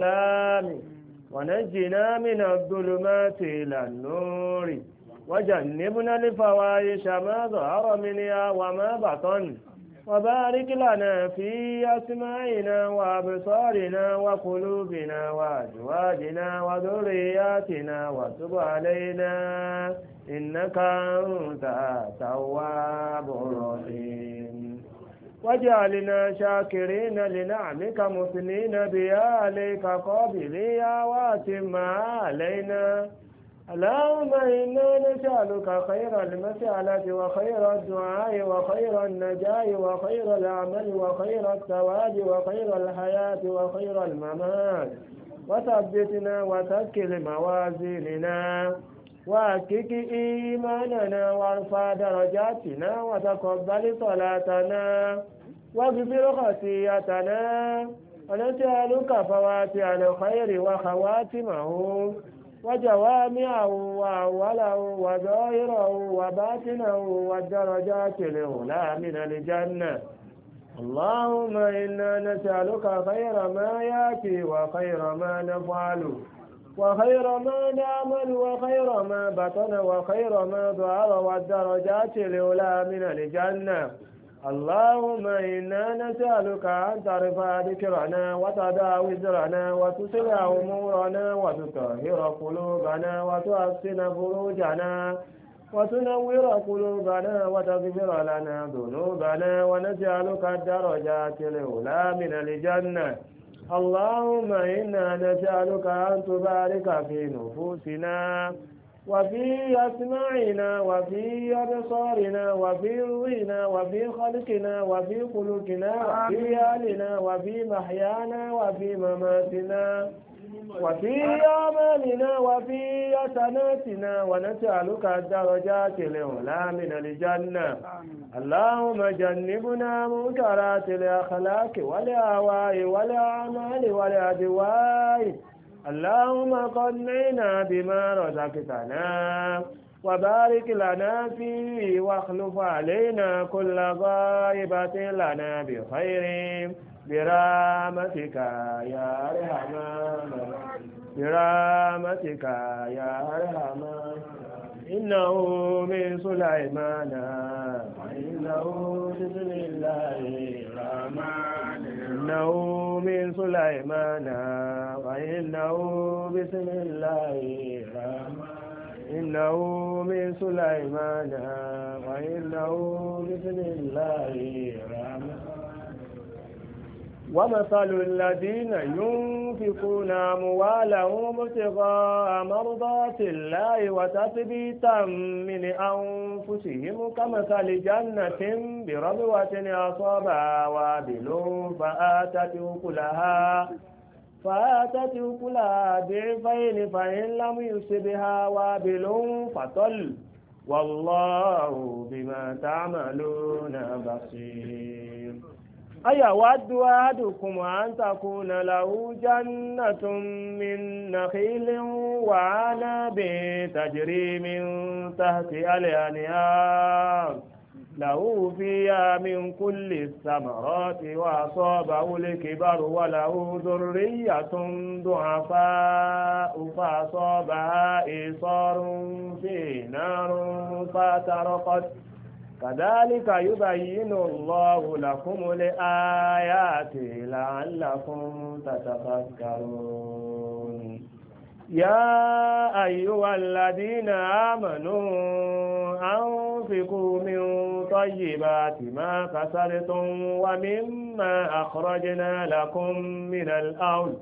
السلام ونجنا من الظلمات إلى النور وجنبنا الفواحش ما ظهر منها وما بطن وبارك لنا في أسماعنا وأبصارنا وقلوبنا وأزواجنا وذرياتنا وتب علينا إنك أنت التواب الرحيم واجعلنا شاكرين لنعمك مثنين بيا عليك قابليا واتم علينا اللهم إنا نسألك خير المسألة وخير الدعاء وخير النجاة وخير العمل وخير الثواب وخير الحياة وخير الممات وثبتنا وتكل موازيننا واكك إيماننا وارفع درجاتنا وتقبل صلاتنا واغفر خطيئتنا ونسألك فواتع الخير وخواتمه وجوامعه وأوله وظاهره وباطنه والدرجات الأولى من الجنة اللهم إنا نسألك خير ما يأتي وخير ما نفعل وخير ما نعمل وخير ما بطن وخير ما ظهر والدرجات الأولى من الجنة اللهم إنا نسألك أن ترفع ذكرنا وتدع وزرنا وتسرع أمورنا وتطهر قلوبنا وتحسن فروجنا وتنور قلوبنا وتغفر لنا ذنوبنا ونسألك الدرجات الأولى من الجنة اللهم إنا نسألك أن تبارك في نفوسنا وفي أسماعنا وفي أبصارنا وفي رؤينا وفي خلقنا وفي خلقنا وفي أهلنا وفي محيانا وفي مماتنا وفي أعمالنا وفي حسناتنا ونسألك الدرجات العلى من الجنة اللهم جنبنا منكرات الأخلاق والأهواء والأعمال والأدواء اللهم قنعنا بما رزقتنا وبارك لنا فيه واخلف علينا كل غائبة لنا بخير برحمتك يا أرحم برحمتك يا أرحم إنه من سليمان وإنه بسم الله الرحمن إنه من سليمان وإنه بسم الله إنه من سليمان وإنه بسم الله الرحمن ومثل الذين ينفقون أموالهم ابتغاء مرضات الله وتثبيتا من أنفسهم كمثل جنة بربوة أصابها وابل فآتت أكلها فآتت أكلها ضعفين فإن لم يصبها وابل فطل والله بما تعملون بصير أيود أحدكم أن تكون له جنة من نخيل وعنب تجري من تحت الأنهار له فيها من كل الثمرات وأصابه الكبر وله ذرية ضعفاء فأصابها إيصار في نار فاترقت كذلك يبين الله لكم الآيات لعلكم تتفكرون يا أيها الذين آمنوا أنفقوا من طيبات ما كسرتم ومما أخرجنا لكم من الأرض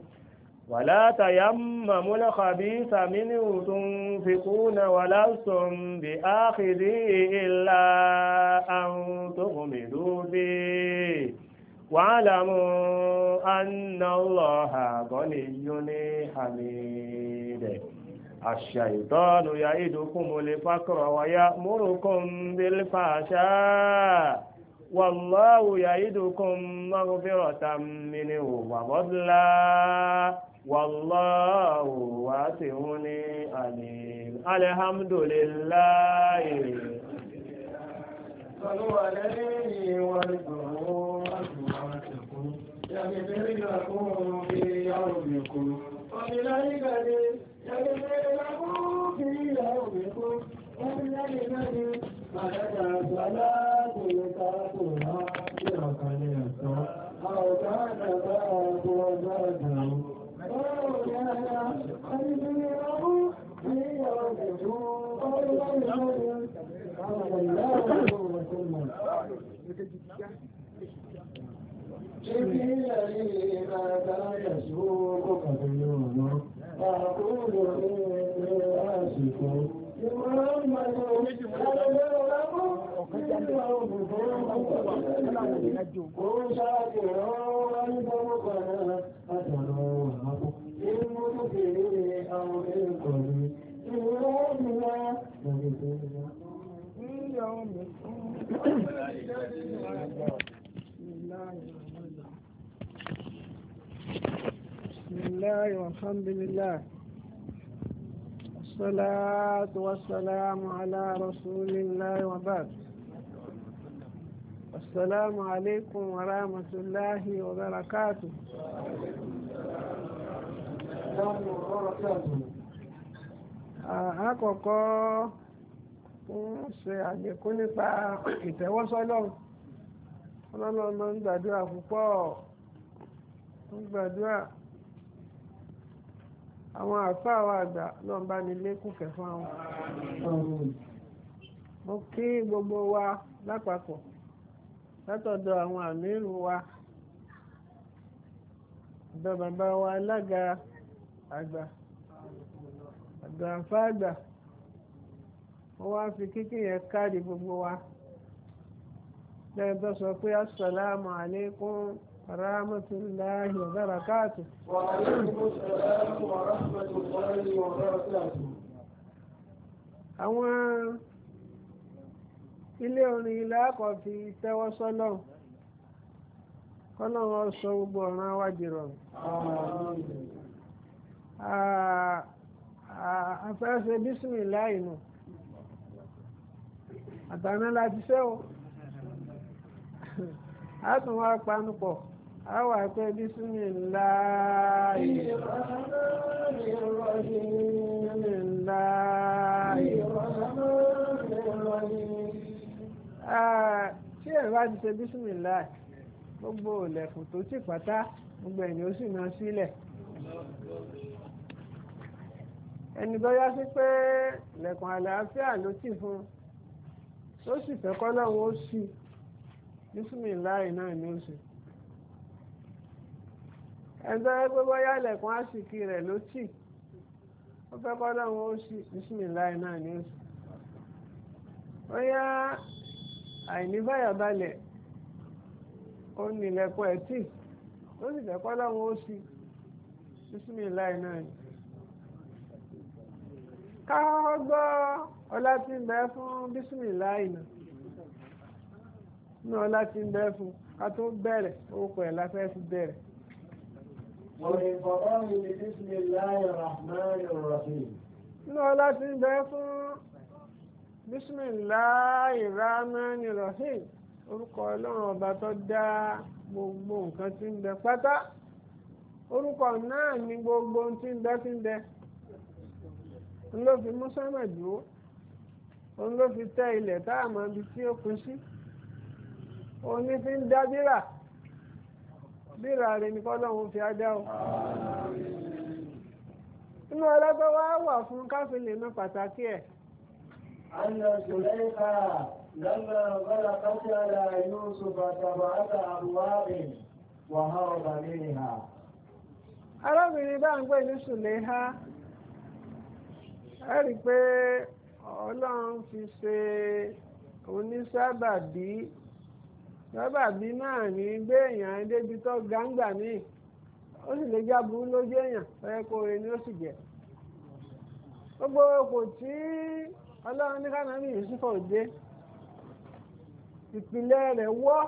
ولا تيمموا الخبيث منه تنفقون ولستم بآخذيه إلا أن تغمدوا فيه واعلموا أن الله غني حميد الشيطان يعدكم الفقر ويأمركم بالفحشاء والله يعدكم مغفرة منه وفضلا wàláhù wá sí hún ní àlè alhamdulillah صلوا عليه وارجعوا أسمعتكم يغفر لكم في يومكم وبذلك يغفر لكم في يومكم وبذلك مدد صلاة إبليل لي ماذا يسوق قبلونه أقول إني آسف لمحمد أنا رب اليوم فوق قل شاكر لله والحمد لله الصلاة والسلام على رسول الله وبعد السلام عليكم ورحمة الله وبركاته àkọ́kọ́ ń ṣe àlékún nípa ìtẹ́wọ́sọ́lọ́run ọlọ́lọ́ máa ń gbàdúrà púpọ̀ ń gbàdúrà àwọn àfáà wà àgbà náà bá ní lékún kẹfà wọn mo kí gbogbo wa lápapọ̀ látọ̀dọ̀ àwọn àmírù wa ọ̀dọ̀ bàbá wa alága àgbà àgbà àfáàgbà wọ́n wá fi kíkí yẹn káàdì gbogbo wa lẹ́yìn tó sọ pé assalamu alaikum ورحمة الله وبركاته وعليكم السلام ورحمة الله وبركاته àwọn ilé orin ilẹ̀ àkọ́fi tẹ́wọ́ sọ́nà kọ́lọ́wọ́ sọ gbogbo ọ̀ràn wájìrọ̀ afẹ́fẹ́ bísìmì láìnà àtàná láti fẹ́ o a a wà pé bismillah ah, tí ẹ̀ bá ti ṣe bismillah gbogbo ìlẹ̀kùn tó ti pátá gbogbo ẹ̀yìn ó sì máa sílẹ̀ ẹni bá yá sí pé lẹ̀kùn àlàáfíà ló tì fún tó sì fẹ́ kọ́ lọ́wọ́ ó sì bísímìláì náà ẹ̀ńtọ́ yẹ pé bóyá ilẹ̀kùn àṣìkí rẹ̀ ló tì ó fẹ́ kọ́ lọ́wọ́ ó sì O náà ní oṣù bóyá àìní báyàbalẹ̀ ó ní ẹ̀ tì ó sì fẹ́ ó sì bísímìláì náà ní. ká gbọ́ ọlá tí ń bẹ fún bísímìláì náà ní ọlá tí ń bẹ fún ká tó ولانفضاله بسم الله الرحمن الرحيم lọ́lá ti ń bẹ fún bisimilahi rahmani rahim orúkọ ọlọ́run ọba tó dá gbogbo nǹkan tí ń bẹ pátá orúkọ náà ni gbogbo tí ń bẹ tí ń bẹ n ló fi mú sánmà dúró òun ló fi tẹ ilẹ̀ tá a mọ ibi tí ó kù sí òun ní fi ń dá bíra rẹ̀ ní kọ́lọ́hún fi ajá o. inú ọlọ́gbọ́n wa wà fún káfí lè mú pàtàkì ẹ̀. arábìnrin bá ń ní ha ẹ rí pé ọlọ́run fi ṣe onísábàbí. sábàbí náà ní gbe débi tó gáǹgbà mi ó sì lè jábùú lójú èèyàn ẹ ni ó sì jẹ gbogbo kò tí ọlọ́run ní kánábì Yúsúfù dé ìpìlẹ̀ rẹ̀ wọ́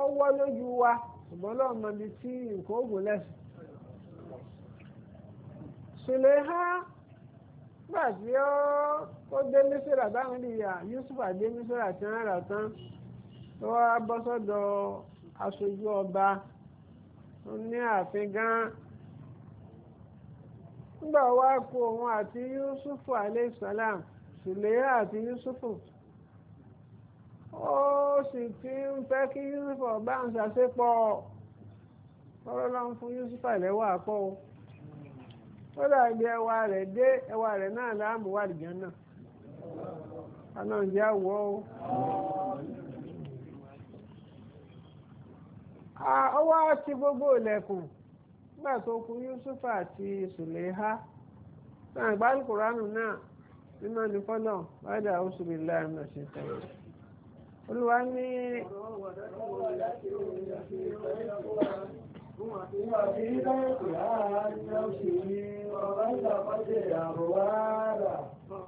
ọ wọ́ lójú wa ṣùgbọ́n lọ́wọ́ mọbi tí nǹkan oògùn lẹ́sìn Sùlẹ́hà gbà tí ó dé mísírà báwọn ìyá tó wá bọ́ sọ́dọ̀ aṣojú ọba ó ní ààfin gan nígbà wá kó òun àti Yusufu aleyhisalaam sùlẹ́yà àti Yusufu ó sì ti ń fẹ́ kí Yusufu ọba ń ṣàṣepọ̀ ọ̀rọ̀ ló ń fún Yusufu àlẹ́wà pọ̀ o ó dàbí ẹwà rẹ̀ dé ẹwà rẹ̀ náà láàmú wà lìjọ́ náà ọlọ́run jẹ́ àwọ̀ o. wá ti gbogbo ilẹ̀kùn nígbà a Yusuf àti Sùlẹ́há náà gbálù kùránù náà nínú ní fọ́nà bàdà oṣù bìlá ẹ̀mọ̀ sí tẹ̀lé olúwa ní.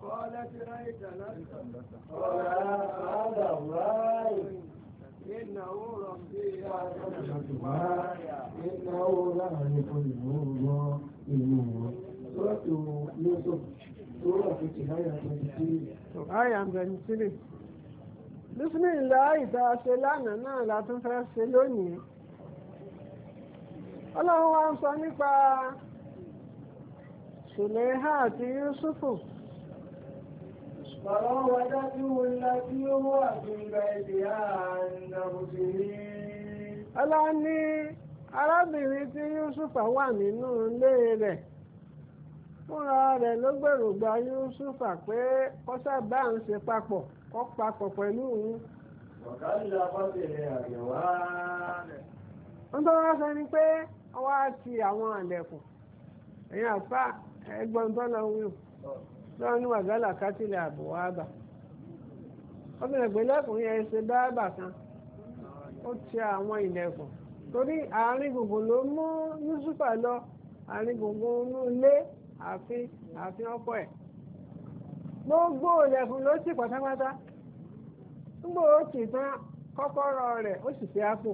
قالت رأيت لك قال هذا الله إنه ربي إنه لا يكون الله إنه سورة يوسف سورة آية 23 آية 23 بسم الله ìta ṣe lánàá náà la tún fẹ́ ṣe lónìí ọlọ́run wa ń sọ nípa Sùlẹ́hà àti Yúsùfù فراودته التي هو في بيتها عن نفسه ألا arábìnrin tí yusufa wà nínú ilé rẹ̀ fúnra rẹ̀ ló gba yusufa pé kọ́sà bá ń papọ̀ kọ́ papọ̀ pẹ̀lú òun. rẹ̀. ń tọ́ wá sọ ni pé wọ́n ti àwọn àlẹ̀kùn àfa ẹgbọ́n tó lọ wí lọ́wọ́ ní wàgálà kátìlẹ̀ àbò àbà obìnrin ìgbélẹ́kùnrin ẹ̀ ṣe báàbà kan ó ti àwọn ilẹ̀kùn torí àárín gbùngbùn ló mú yusufa lọ àárín gbùngbùn inú ilé ààfin ààfin ọkọ gbogbo ilẹ̀kùn ló sì pátápátá nígbà ó sì tán kọ́kọ́rọ́ rẹ̀ ó sì fi àpò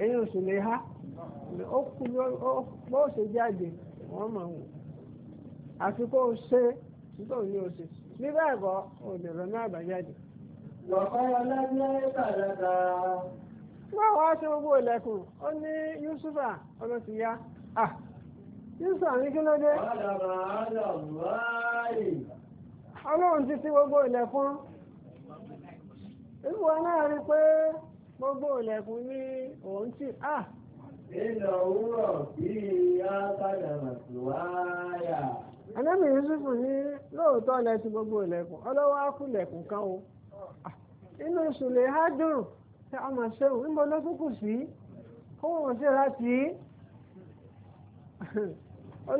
ẹ̀yìn oṣù lè há ó kú bó ṣe àfi ṣe títò ní o ṣe níbẹ̀ ẹ̀kọ́ o lè àbájáde. wọ́n gbogbo Yusufa Ọlọ́run ti ti gbogbo ìlẹ̀kùn ìwọ náà rí gbogbo ìlẹ̀kùn ní òun ti. òwúrọ̀ bíi. yusuf ní lóòótọ́ lẹ gbogbo ilẹ̀kùn ọlọ́wọ́ ákùnlẹ̀kùn kan o ah, inú sùlẹ̀ ha dùn ọmọ ṣeun níbo ló tún kù sí kó wọn láti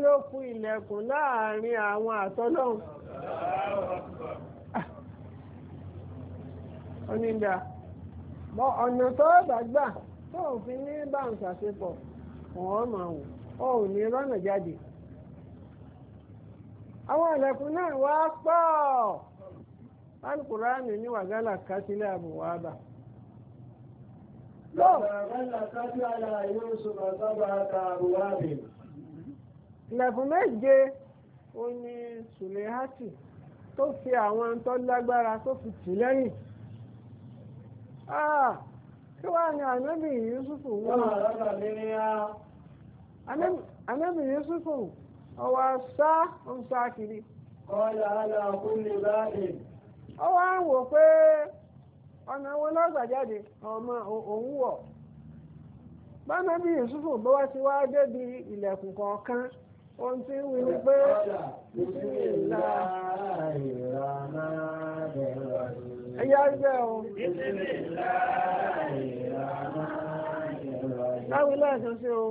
ilẹ̀kùn láàrin àwọn àtọ́lọ́hún onídà ah, ọ̀nà tó gbàgbà tó òfin ní bá ń ṣàṣepọ̀ wọ́n máa wò ó ní rọ́nà àwọn ìlẹ̀kùn náà wá pọ̀ alukùránì ní wàgálà kásílẹ̀ àbùwábà ìlẹ̀kùn méje ó ní sùlẹ̀hátì tó fi àwọn tó lágbára tó fi tì lẹ́yìn ah, kí wàá ní ànábì Yúsúfù wọ́n ànábì Yúsúfù. ọwọ́ sá ń sá kiri. kọ́lá aláàkú ń pé ọ̀nà wọn lọ́gbàjáde ọmọ òun wọ̀ bọ́nà bí Yusufu bó wá ti wá débi ilẹ̀kùn kọ̀ọ̀kan ohun tí ń wí ni pé ẹyà ẹgbẹ́ o láwùlẹ̀ ẹ̀sán sí o.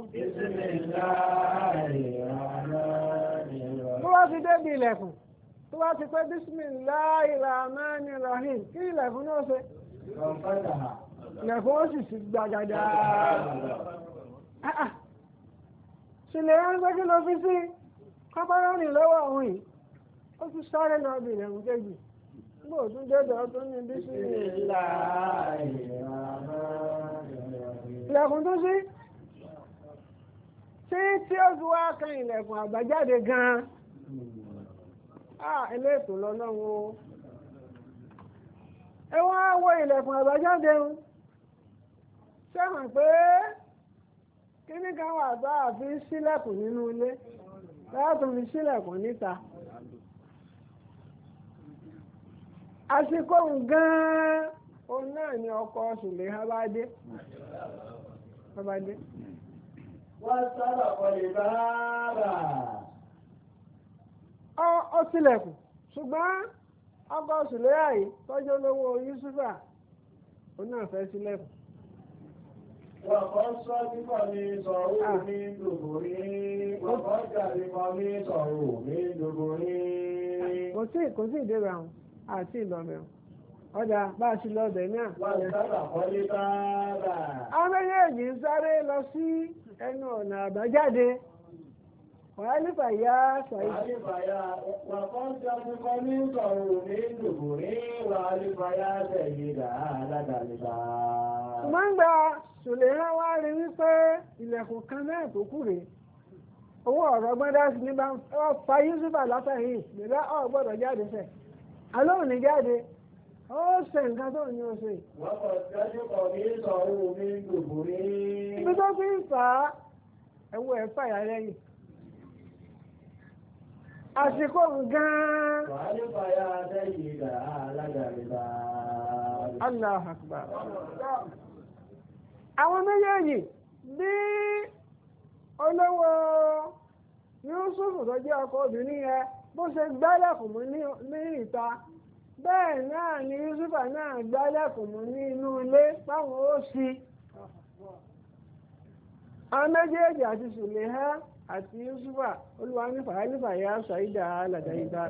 bá ti débi ilẹ̀kùn tó bá ti pé bisimilahi rahmani rahim kí ilẹ̀kùn náà ṣe ilẹ̀kùn ó sì sí gbàgàdà ṣìlẹ̀ ránṣẹ́ kí ló fi sí kọ́pọ́rọ́ rìn lọ́wọ́ òun yìí ó tún sáré lọ bí ilẹ̀kùn kejì nígbà òtún dédọ̀ tó ní bisimilahi rahmani rahim ilẹ̀kùn tó sí tí tí ó fi wá kan ilẹ̀kùn àbájáde gan-an. eléètò lọ́lọ́run o ẹ wọ́n á ilẹ̀kùn àbájáde ń sẹ́wọ̀n pé kíní kan wà bá àfi sílẹ̀kùn nínú ilé láti fi sílẹ̀kùn níta àsìkò gan-an òun náà ni ọkọ̀ ọ tilẹ̀kùn ṣùgbọ́n ọkọ sùlẹ́yà yìí yusufa ó náà fẹ́ sílẹ̀kùn. Wọ̀kọ́ sọ kíkọ́ ní sọ̀rọ̀ mi dòbòrí. Wọ̀kọ́ jàre kọ́ ní sọ̀rọ̀ mi Kò sí kò sí àwọn àti bá a ṣe bá ń sáré lọ sí ẹnu ọ̀nà àbájáde. wàhálìfà yá sàyí. wàhálìfà yá wàkàn sàkókò ní sọ̀rọ̀ ní dùbùrí wàhálìfà yá sẹ̀yìn dáadáa. ṣùgbọ́n ń gba sùlẹ̀hán wá rí wípé ilẹ̀kùn kan náà tó kù rèé owó ọ̀rọ̀ gbọ́dá sí ní bá ọ fa yusufa látàrí nígbà ọ gbọ́dọ̀ jáde fẹ́ alóhùn ní jáde ó ṣe nǹkan tó ní oṣù. wọ́n kọ̀ dájú kọ̀ ní sọ̀rọ̀ mi dùbùrí. ibi tó fi ń fà á ẹ̀wọ̀ ẹ̀ fàyà àsìkò gan-an. wàhálùfàyà àtẹ̀yìn ìgbà alágàrìbá. allah akbar. àwọn méjèèjì bí olówó yusuf tó jẹ́ ọkọ obìnrin bó ṣe gbálẹ̀kùn mú ní ìta bẹ́ẹ̀ ni yusufa náà gbálẹ̀kùn mú ní inú ilé báwọn ó sí. àwọn méjèèjì àti sùlẹ̀ àti yusufa olúwa nífà ya yá ala alàdáyídá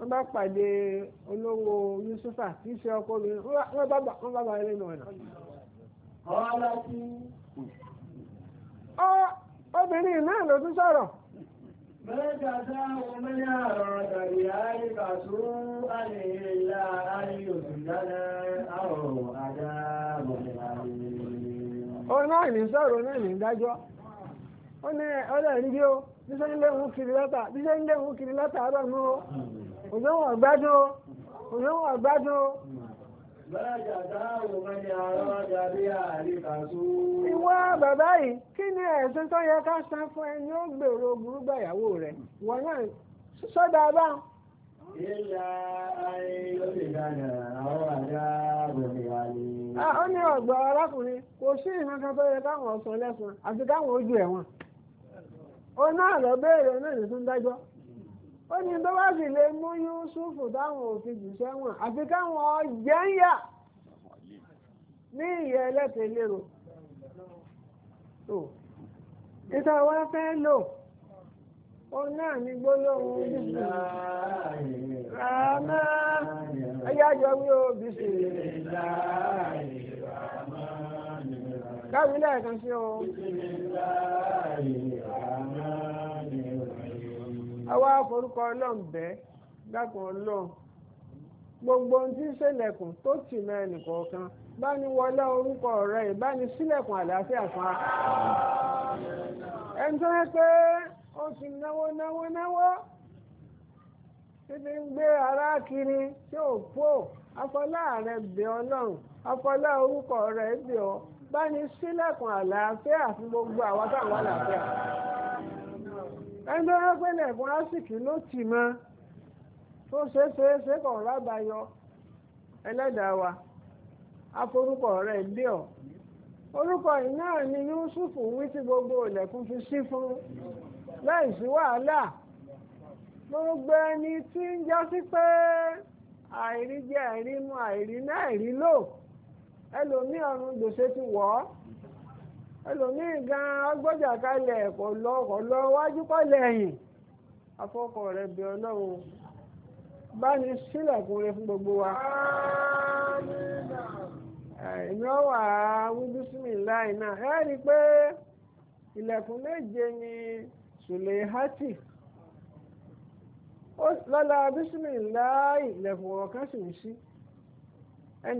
wọn bá pàdé olówó yusufa kì í ṣe ọkọ mi wọn bá bá lẹ́nu ọ̀nà. obìnrin náà ló tún sọ̀rọ̀. Mẹ́ta sáwọn mẹ́ta ọ̀rọ̀ tàbí àríkà tó ńlá dáná àdá bọ̀dẹ̀ náà ní sọ̀rọ̀ náà ní dájọ́. ọlẹ́ ọdọ bí ó bí sẹ́yìn lẹ́hùn kiri látà bí sẹ́yìn lẹ́hùn kiri látà àárọ̀ nù ó òjò wọn ó òjò wọn ó. Ìwọ bàbá yìí kí ni tó yẹ ká san fún ẹni ó gbèrò ìyàwó rẹ, wọn náà ayé ló dáná àwọn Ó ní ọ̀gbọ́n arákùnrin kò sí ìrìnàkan tó yẹ káwọn ọ̀sán àti káwọn ojú ẹ̀wọ̀n. ó náà lọ béèrè náà ní tó dájọ́ ó ní tó bá sì lè mú Yúsúfù táwọn òfin jù sẹ́wọ̀n àfi káwọn ọ̀jẹ̀ ní ìyẹ́ ẹlẹ́tẹ̀ẹ́lérò ìta wá fẹ́ lò ó náà ní gbólóhùn bísí ràmá ayájọ wí ó bísí káwílẹ̀ kan sí o. àwa forúkọ ọlọ́run bẹ́ẹ̀ dákun ọlọ́run gbogbo ohun tí ń ṣẹlẹ̀kùn tó tì bá ní wọlé orúkọ ọ̀rẹ́ ẹ̀ bá ní sílẹ̀kùn àlàáfíà fún ẹni tó yẹ pé ó ti náwó náwó náwó títí ń gbé ara kiri tí ò pò afọlá ààrẹ bẹ̀ ọlọ́run afọlá orúkọ ọ̀rẹ́ bẹ̀ ọ́ bá ní sílẹ̀kùn àlàáfíà fún gbogbo àwọn táwọn àlàáfíà. ẹni tó rẹ́ pẹ́lẹ̀ fún ásìkì ló tì mọ́ tó ṣe ṣe é ṣe kàn rábàyọ ẹlẹ́dàá wa aforúkọ rẹ̀ lé ọ̀ orúkọ yìí náà ni Yúsùfù wí tí gbogbo ilẹ̀kùn fi ṣí fún láì sí wàhálà gbogbo ẹni tí ń já sí pé àìrí jẹ́ àìrí mu àìrí náà àìrí lò ẹlòmíì ọ̀run gbèsè ti wọ̀ ọ́. ẹlòmíì gan agbọ́jà kalẹ̀ kò lọ kò lọ wájú kò lẹ́yìn afọ́kọ rẹ̀ bí ọlọ́run bá ní fún gbogbo wa. èmi ọ wà láì náà rí i pé ni sùlẹ̀hátì lọ́la bísímì láì ilẹ̀kùn ọ̀kan sì ń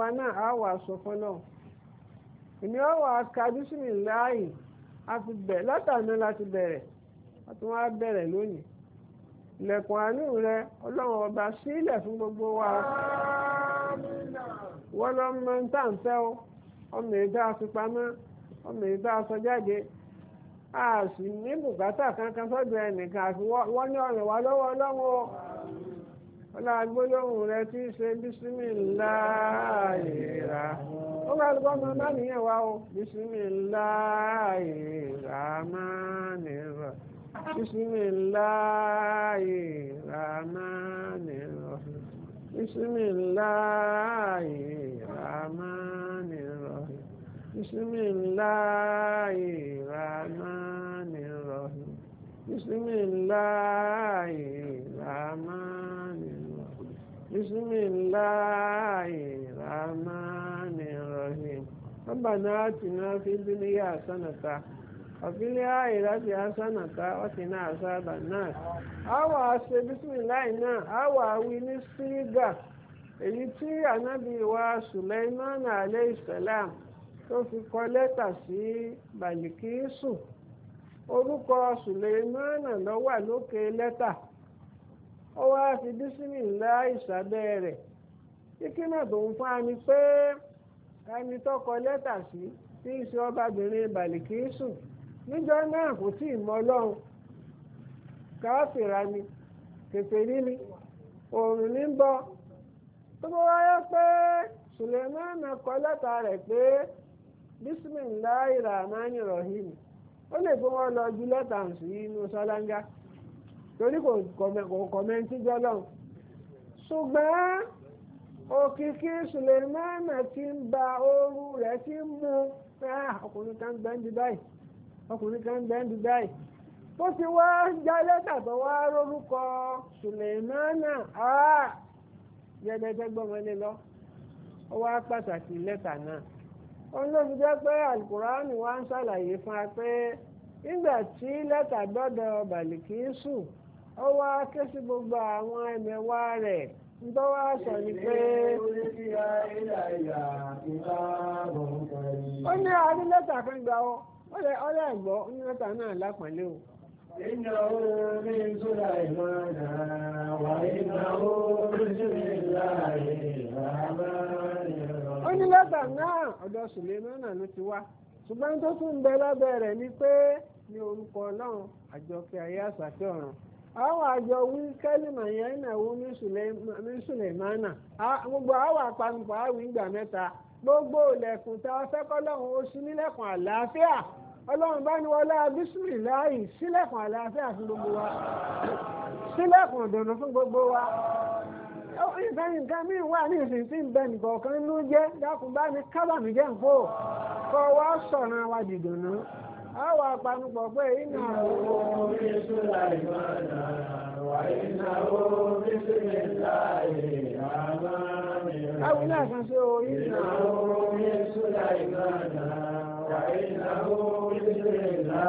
wa náà á wà sọ èmi ọwọ́ akadúsùnmí láàyè látàánú láti bẹ̀rẹ̀ a wá bẹ̀rẹ̀ lónìí ilẹ̀kùn àánú rẹ ọlọ́run ọba sílẹ̀ fún gbogbo wa wọ́n lọ mọ tá à ń fẹ́ o ọmọ èdè àfipamọ́ ọmọ èdè àsọjáde a sì ní bùkátà kankan sọ́dọ̀ ẹnìkan àfi wọ́n ní ọ̀rọ̀ wa lọ́wọ́ ọlọ́run o ọlágbóyòhùn rẹ tí í ṣe bísímìláì rà ó bá lọ́gbọ́n ọmọ bá nìyẹn wá o bísímìláì rà máa nìyẹn bísímìláì rà máa nìyẹn bísímìláì rà máa nìyẹn bísímìláì rà máa nìyẹn bísímìláì rà máa. بسم الله الرحمن الرحيم ربنا آتنا في الدنيا حسنة وفي الآخرة حسنة وقنا عذاب النار àwọn àṣẹ bísímìláì náà àwọn àwí ní sírígà èyí tí ànábì wa Suleiman alayhi salam tó fi kọ orúkọ Suleiman ló lókè lẹ́tà. ó wá fi bísímì ńlá ìsàbẹ̀ rẹ̀ kíkínà tó ń fún ami pé ẹni tó kọ lẹ́tà sí tí í ṣe ọbabìnrin bàlìkísù níjọ́ náà kò tí ì mọ ọlọ́run ni kèfèrí ni òòrùn ní bọ́ tó bá wáyé pé Suleiman kọ lẹ́tà rẹ̀ pé bisimilahi rahman rahim ó lè fi wọn lọ ju lẹ́tà sí inú torí kò kọ̀mẹ́ntì jọlọ́n ṣùgbọ́n òkìkí Sulemana ti ń ba ooru rẹ̀ ti ń mú ah, ọkùnrin kan bẹ́ẹ̀ ń di báyìí ọkùnrin kan bẹ́ẹ̀ ń di báyìí tó ti wá já lẹ́tà tó wá rórúkọ Sulemana ah, yẹ́dẹ́gbẹ́ gbọ́mọlé lọ ó wá pàtàkì lẹ́tà náà òun ló fi jẹ́ pé alukùránì wá ń ṣàlàyé fún wa pé nígbà tí lẹ́tà gbọ́dọ̀ bàlìkì sùn ó wá ké gbogbo àwọn ẹ̀mẹ̀wá rẹ̀ ń tó wá sọ ni pé. ó ní adé lẹ́tà kan gbà ọ́ ọ̀rẹ́ ẹ̀gbọ́ ní lẹ́tà náà lápọ̀nlé o. إنه من ó ní lẹ́tà náà ọ̀dọ̀ Sùlẹ́mánà ló ti wá ṣùgbọ́n tó tún ń bẹ lábẹ́ rẹ̀ ni pé ní orúkọ Ọlọ́run àjọkẹ́ ayé ọ̀run. àwọn àjọ wí kẹ́lìmà yẹn ìnáwó ní sùlẹ̀mánà gbogbo àwọn àpanupọ̀ àwìn ìgbà mẹ́ta gbogbo ilẹ̀kùn tá a fẹ́ kọ́lọ́run ó ṣí nílẹ̀kùn àlàáfíà ọlọ́run bá ní wọlé abísírì láàyè sílẹ̀kùn àlàáfíà fún gbogbo wa sílẹ̀kùn ọ̀dọ̀nà fún gbogbo wa ìfẹ́yìn nǹkan míì wà ní ìsìn tí ń bẹ nìkọ̀ọ̀kan ló jẹ́ dákun bá ní kábàmì jẹ́ nǹkó kọ́ wa sọ̀rọ̀ wa dìgbòná. a wà pé iná owó bí súlá ìmọ̀nà wà iná owó bí súlá ìlà àmàmìlà. àwọn àṣà ṣe o iná owó bí súlá ìmọ̀nà wà iná owó bí súlá ìlà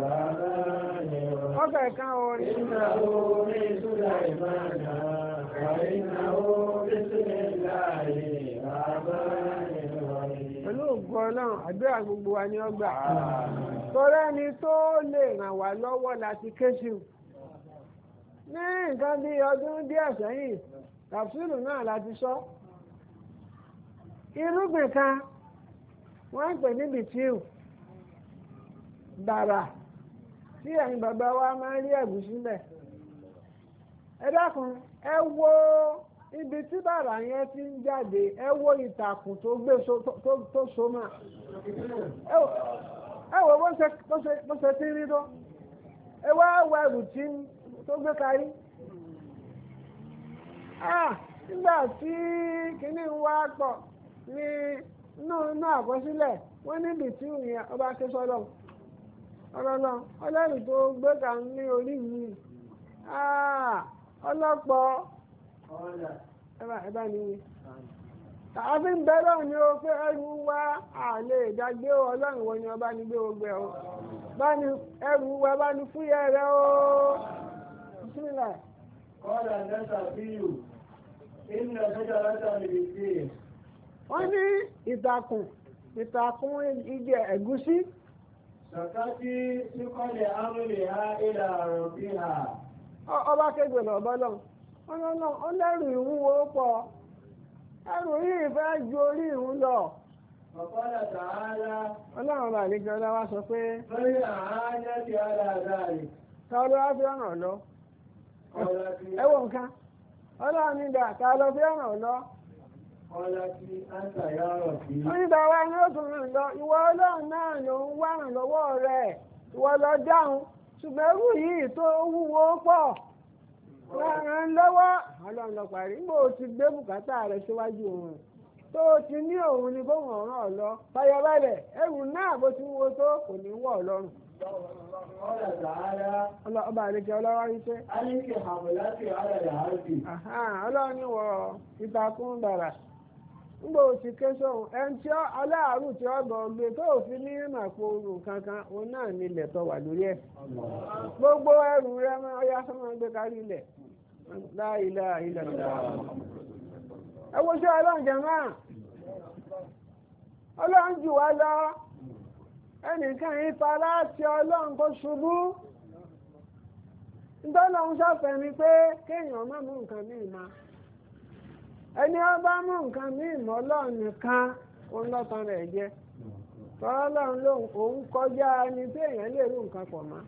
àmàmìlà. ọkọ̀ ẹ̀ka orin. iná owó bí súlá ìmọ̀nà wà iná owó. ògùn àdúrà gbogbo wa tó lè ràn lọ́wọ́ láti kéṣù ní nǹkan bí ọdún díẹ̀ sọ irúgbìn kan wọ́n ń pè tí wa máa rí ẹ̀gúsí ibi tí bàrà yẹn ti ń jáde ẹ wo ìtàkùn tó gbé tó so mọ́ ẹ wo bó ṣe ti rí tó ẹ wá wọ ẹrù tí tó gbé kárí ah, nígbà tí kìíní ń wá pọ̀ ní inú àkọsílẹ̀ wọ́n níbi tí ìyẹn ọba ké sọ́lọ́ ọlọ́lọ́ ọlẹ́rìí tó gbé kà ń ní orí yìí ah, ọlọ́pọ̀. ẹ̀rọ àìbá ni wí. tàbí ń bẹ̀rẹ̀ ni o pé ẹrù wa àlè ìdágbé ọlọ́run wọn ni ọba ní gbé ogbẹ o bá ní ẹrù wa bá ní fúyẹ́ rẹ o. bismillah. kọ́lá nẹ́ta fíyù inú ẹ̀fẹ́jà lẹ́ta mi lè fi. wọ́n ní igi ẹ̀gúsí. síkọ́lẹ̀ ha ìlà àrùn bí ọba kẹgbẹ́ lọ́ọ́ ọlọ́nà ó lẹ́rù pọ. pọ̀ ẹrù yìí fẹ́ ju orí ìhun lọ. ọ̀pọ̀lọ̀ tààlà. ọlọ́run bá lè jọ lọ́wọ́ sọ pé. lórí àájẹ́ ti ara ta ló wá fi ọ̀nà lọ. ẹ nǹkan ọlọ́run ní ta ló fi ọ̀nà lọ. ti àǹtà sí. ní lọ ìwọ ọlọ́run náà ló ń wá ìrànlọ́wọ́ rẹ̀ ìwọ lọ dáhùn ṣùgbọ́n wọ́n ràn lọ́wọ́ ọlọ́run lọ parí ti gbé bùkátà rẹ̀ síwájú wọn tó o ti ní òun ni bóun ọ̀ràn ọ̀lọ́ fàyọ̀bálẹ̀ ewu náà bó ti wúwo tó kò ní ọba àlejò ọlọ́wọ́ a ní kí ọ̀rẹ́ rẹ̀ ńgbò tí ké sóhun ẹni tí aláàárù tí ó gbọ́ gbé tó òfin ní màpò oòrùn kankan òun náà wà lórí gbogbo ẹrù rẹ máa ọyá sọmọ gbé kárí ilẹ̀ láìlà ilẹ̀ ẹ wo sí ọlọ́njẹ náà lọ ẹnìkan ipa láti ọlọ́run kó ṣubú ni pé kéèyàn má mú ẹni ọbaamu mú nǹkan ní ìmọ̀ ọlọ́run nìkan òun lọ́tàn rẹ̀ jẹ́ tọ́lọ́run òun kọjá ẹni tí èèyàn lè rú nǹkan pọ̀ mọ́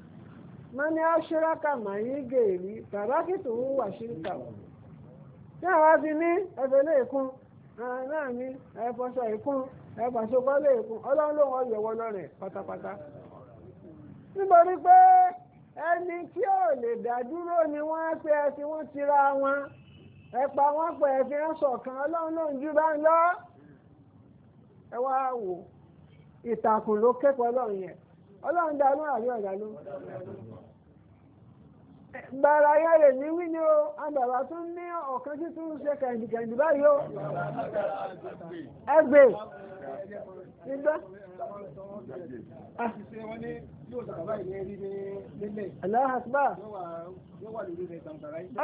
mọ́ ní aṣọ́ráka màáyí gèèrí tàbákì tó ń wà fi ní ẹfẹlẹ́ ìkún náà ní ẹfọṣọ ìkún ẹfọṣọkọlẹ̀ ìkún ọlọ́run ló wọ́n yọ̀wọ́ lọ́rẹ̀ pátápátá nítorí pé ẹni tí ò lè ni wọ́n á wọn. ẹ̀pà wọn pẹ̀ ẹ̀fẹ́ sọ̀kan ọlọ́run náà bá ń lọ ẹ wá wò ìtàkùn ló kẹ́kọ̀ọ́ ọlọ́run yẹn ọlọ́run dá lóhùn àbí ọ̀dá lóhùn gbàrà ayé rẹ̀ ní o àgbàrá tún ní ọ̀kan tí tún ṣe kẹ̀ǹdìkẹ̀ǹdì báyìí o ẹgbẹ́ nígbà. Aláhàtúbà.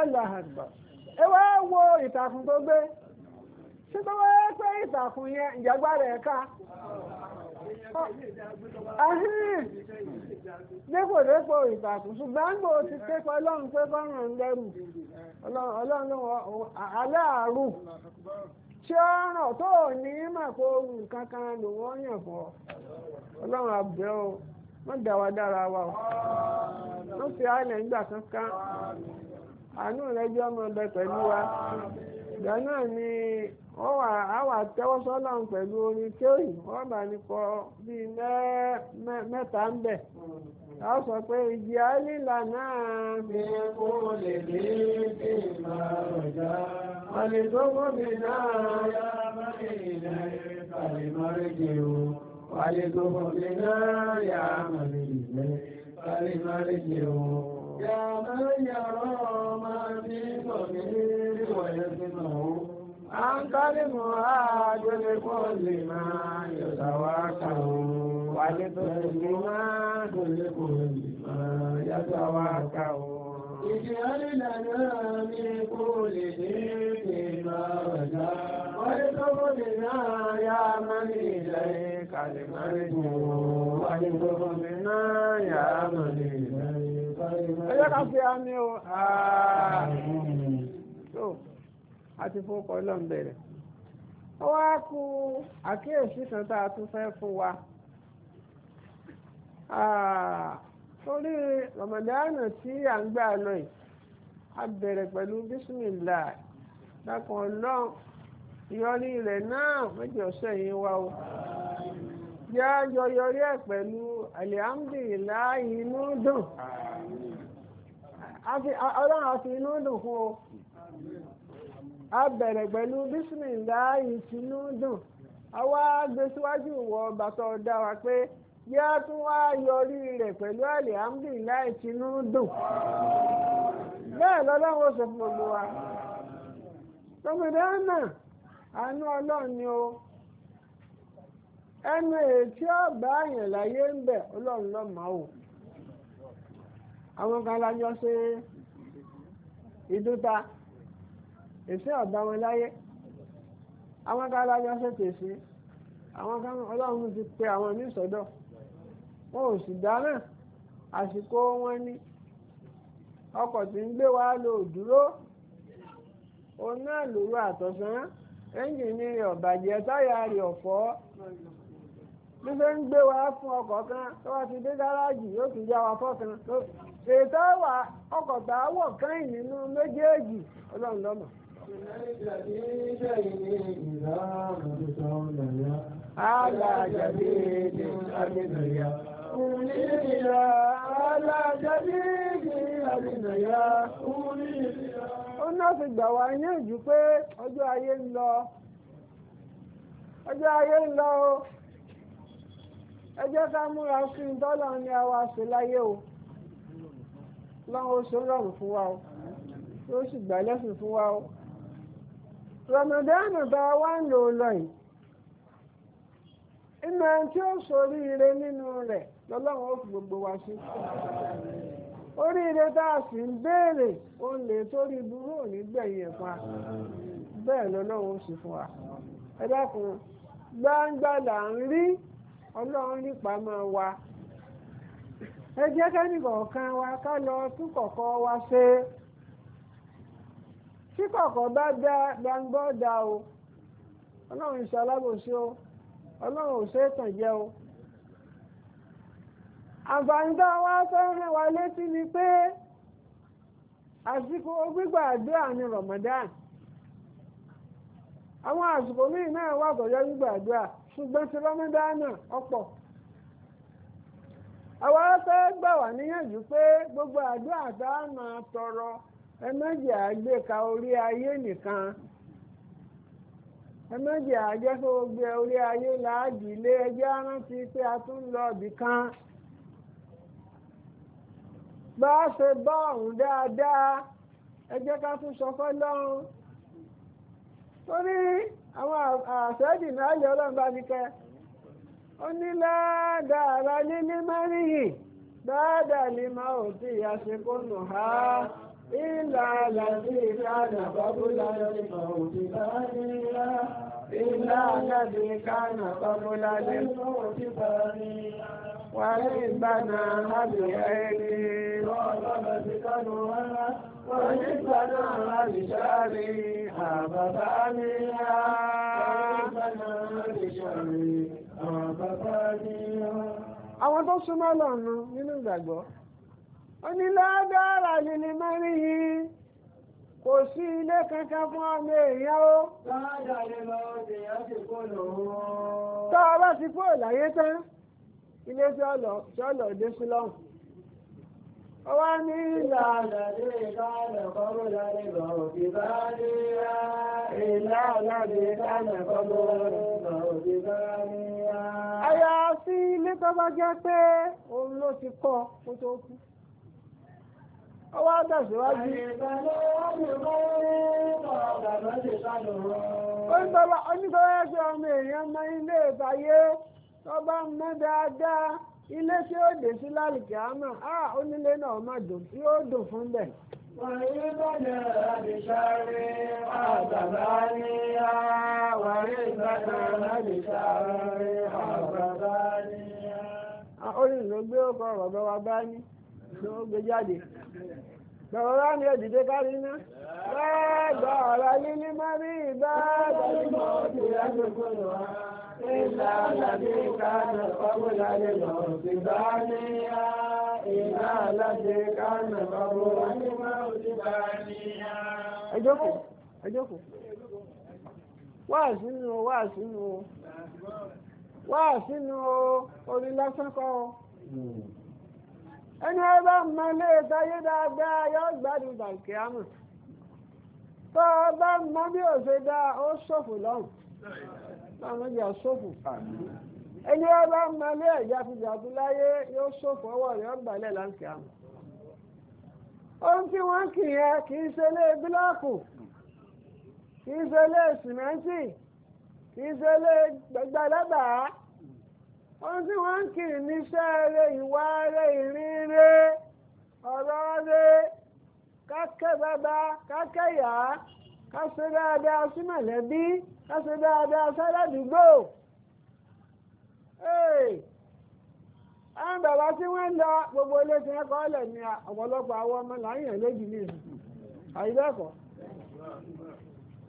Aláhàtúbà. ẹ wá wo ìtàkùn tó gbé ṣé tó wá ìtàkùn yẹn ìjàgbára ẹ̀ ká dépò ìtàkùn ṣùgbọ́n ti ké pa ọlọ́run pé kọ́rùn ń dẹ́rù ọlọ́run ló wọ aláàárù tí ó ràn tó ní mà kó ohun kankan ló wọ́n yàn fọ́ ọlọ́run àbẹ́ o wọ́n o wọ́n fi àlẹ́ ń àánú rẹ jẹ́ ọmọ ọbẹ̀ pẹ̀lú wa ìgbà náà ni ọ tẹ́wọ́ sọ́lá pẹ̀lú orin kéwì wọ́n bá ní kọ bíi mẹ́ta ń bẹ̀ a sọ pé ìjì alílà náà fi kó lè ní kí n máa rọ̀já àlejòkó náà o. يا من يرى ما في ضميري ويسمعه أنت المهاج لكل ما يتواكه ولتسلم لكل ما يتواكه اجعل لنا من كل ذنب ما رجا ولتغفرنا يا من إليك المرجو ولتغفرنا يا من إليك ẹ jẹ́ ká fi àmì o so àti fowópọ̀ ọlọ́run bẹ̀rẹ̀ ó wá kú àkíyèsí kan tá a tún fẹ́ fún wa ah, torí rọmọdánù tí à ń gbà lọ yìí a bẹ̀rẹ̀ pẹ̀lú bísímìlà dákun ọlọ́run ìyọrí rẹ̀ náà méjì ọ̀sẹ̀ yìí wá o. jẹ́ àjọyọrí ẹ̀ pẹ̀lú alihamdulilayi inú dùn ọlọ́run àti inú dùn fún o a bẹ̀rẹ̀ pẹ̀lú dùn gbé síwájú wọ bàtọ̀ dá wa pé bí a tún wá yọrí rẹ̀ pẹ̀lú alihamdulilayi tinú dùn bẹ́ẹ̀ lọ́lọ́run sọ fún ẹnu ètí ọba àyàn láyé ń bẹ ọlọ́run náà máa wò àwọn kan lájọ ṣe ìdúta èsì ọ̀gbà wọn láyé àwọn kan lájọ ṣe tèsí àwọn kan ọlọ́run ti pe àwọn ní sọ́dọ̀ wọn ò sì dáná. náà àsìkò wọn ni ọkọ̀ ti ń gbé wa lò dúró òun náà lòrú àtọ̀sán ẹ́ńjìnì rẹ̀ ọ̀bàjẹ́ táyà rẹ̀ ọfọ. bí ṣe ń gbé wa fún ọkọ̀ kan tó wá ti dé gáràjì yóò ti já wa fọ́kan ètò àwà ọkọ̀ tá a wọ̀ kẹ́yìn nínú méjèèjì ọlọ́run lọ́mọ. Ó náà ti gbà wá yànjú pé ọjọ́ ayé ń lọ. Ọjọ́ ayé ń lọ o. ẹ jẹ́ ká múra sí dọ́là o lọ́wọ́ ó rọrùn o tí ó sì gbà lẹ́sìn fún wa o Ramadan bá wá ń lò lọ tí ó nínú rẹ̀ ó gbogbo wa sí oríire tá a sì ń béèrè òun lè torí burú òní gbẹ̀yìn ẹ̀fọn a sì ń rí ọlọ́run nípa máa wa ẹ jẹ́ kọ̀ọ̀kan wa ká lọ tún wa ṣe tí bá dá gbangbọ́ o ọlọ́run alábòsí o ọlọ́run ò ṣe tàn o àǹfààní tó wá wa létí ni pé àsìkò gbígbà àdúrà ní Ramadan àwọn àsìkò míì náà wà kọjá gbígbà àdúrà. ṣùgbọ́n ti rọ́mọdánà ọ̀pọ̀ àwa fẹ́ gbà wá níyànjú pé gbogbo àdúrà tá a tọrọ ẹmẹ́jì méjì àgbéka orí ayé nìkan Ẹmẹ́jì méjì àjẹsọ orí ayé láàjì ilé pé a tún lọ kan bá ó ní àwọn àṣẹ́jì náà lè ọlọ́run bá ní kẹ́ ó ní ládàára nílé mẹ́rìnyìn dáadáa ha ìlà àlàjì ìlànà bọ́búlà lè máa ò ìlà ìlà àlàjì ìlànà bọ́búlà lè máa ò ní ìgbà náà hábìyà ونسبنا بشاري أبطانيا ونسبنا بشاري أبطانيا àwọn tó súnmọ́ lọ́nà nínú ìgbàgbọ́ ó ní lágbára lílé mẹ́rin yìí kò sí ilé kankan fún ọmọ èèyàn ó tọ́ ti kó ìlàyé tán ilé tí ọlọ́ọ̀dé sí lọ́hùn ومن الذي كان قبل الموت ilé tó bá jẹ́ pé òun ló ti kọ́ kó tó kú ó wá tẹ̀síwájú onítọ́wọ́ ẹgbẹ́ ọmọ èèyàn mọ ilé ìbáyé tó bá mọ́ dáadáa ilé tí ó dé sí lálùkì àmà á onílé náà má dùn tí ó dùn fún bẹ̀. wọ́n yí àdìsáré àgbàbá ní á wọ́n yí àdìsáré àgbàbá ní á. orin ló gbé ọkọ bàbá wa bá ní ló gbé jáde bàbá wa ní òdìdé kárí ná. bẹ́ẹ̀ ọ̀rọ̀ إلا الذي كان قبل الموت بانيا إلا الذي كان قبل الموت بانيا ẹ jókòó ẹ jókòó wá sínú o wá sínú o wá sínú o orí lásán kọ́ ọ ẹni ẹ bá mọ ilé dáadáa yóò gbádùn bàǹkì àmọ́ tó o bá mọ bí òṣèdá ó ṣòfò lọ́hùn. àmọ́jà sófò ẹni wọn bá ń malé ẹ̀já fìjàkú láyé yóò sófò ọwọ́ rẹ̀ ọgbàlẹ̀ láǹkì ohun tí wọ́n kì í yẹ kì í ṣe lé bílọ́ọ̀kù kì í ṣe lé kì ṣe lé ohun tí wọ́n kì í níṣẹ́ ìwà ká ṣe dáadáa sí mọ̀lẹ́bí ká dáadáa sáládùúgbò àwọn bàbá tí wọ́n ń lọ gbogbo ilé tí wọ́n kọ́ lẹ̀ ní ọ̀pọ̀lọpọ̀ àwọn ọmọ láyìn ní ìsìnkú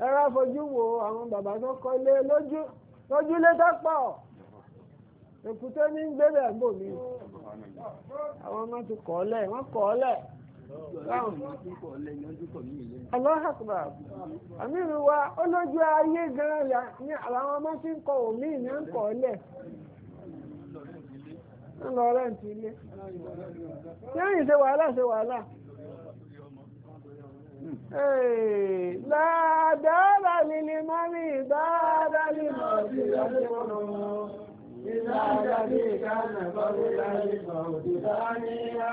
ẹ̀rọ fojú wo àwọn bàbá tó kọ́ lé ní àwọn ọmọ ti kọ́ lẹ̀ wọ́n kọ́ lẹ̀. Allahu Akbar. Àmìrì wa olójú ayé gan ni àwọn ọmọ tí ń kọ òmí ní ń kọ̀ lẹ̀. Ń lọ rẹ̀ǹtì ilé. Lẹ́yìn ṣe wàhálà ṣe wàhálà. Láàdáàbà lílì mọ́rí ìbáàdá lílì mọ́rí ìbáàdá lílì إلى الذي كان قبل الموت ثانيا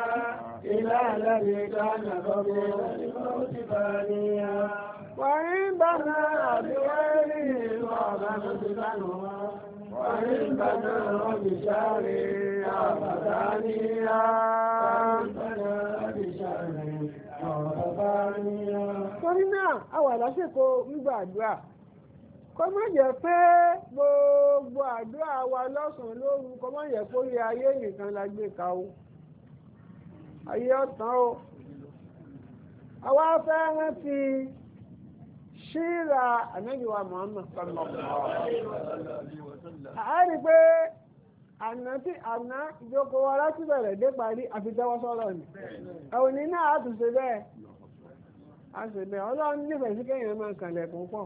إلى الذي كان قبل الموت ثانيا وعندنا بغيره وعظمت بنوها وعندنا بشاره عظمتانيا وعندنا بشاره عظمتانيا. torí náà a wà lásìkò nígbà àdúrà kó má jẹ́ pé gbogbo àdúrà wa lọ́sàn-án lóru kó má jẹ́ kó rí ayé nìkan la gbé ka o ayé ọ̀tán o àwa fẹ́ rántí ṣíra ànábìwá Muhammad àárí pé àná tí àná ìjókòó wa láti bẹ̀rẹ̀ dé parí àfitẹ́wọ́ sọ́rọ̀ ni òní náà á tún ṣe bẹ́ẹ̀ a ṣe bẹ́ẹ̀ ọlọ́run nífẹ̀ẹ́ sí kéèyàn máa kànlẹ̀kùn pọ̀.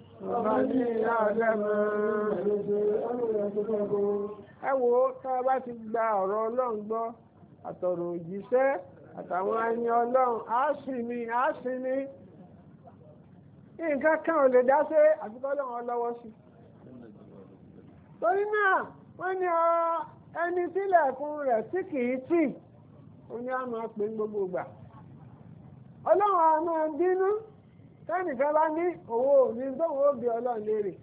Ọba a bá ti gba ọ̀rọ̀ ọlọ́run gbọ́ àtọ̀rọ̀ òjíṣẹ́ àtàwọn ẹni ọlọ́run á sì ní á sì ní nǹkan kan ò lè dá àfikọ́lọ́run ọlọ́wọ́ sí torí náà wọ́n ní ẹni tílẹ̀kùn rẹ̀ tí kìí tì ó ní àmọ́ pé gbogbo ọlọ́run bínú tẹ́nìkan bá ní owó òní tóun ó bí ọlọ́run léèrè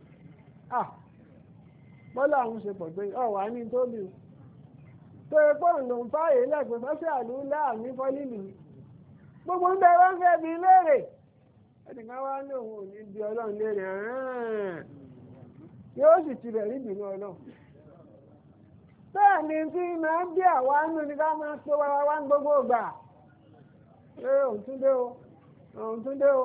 bọ́lá àwọn ṣe pọ̀ pé ọ̀wà ní tóbi tó yẹ pé òǹdò ń fáyè lẹ́gbẹ̀ẹ́ fẹ́sẹ̀ gbogbo ń bẹ wọ́n fẹ́ bí ẹnìkan wá ní òun bí ọlọ́run yóò sì ọlọ́run bẹ́ẹ̀ ni tí bí àwa gbogbo ìgbà òun tún dé o òun tún dé o.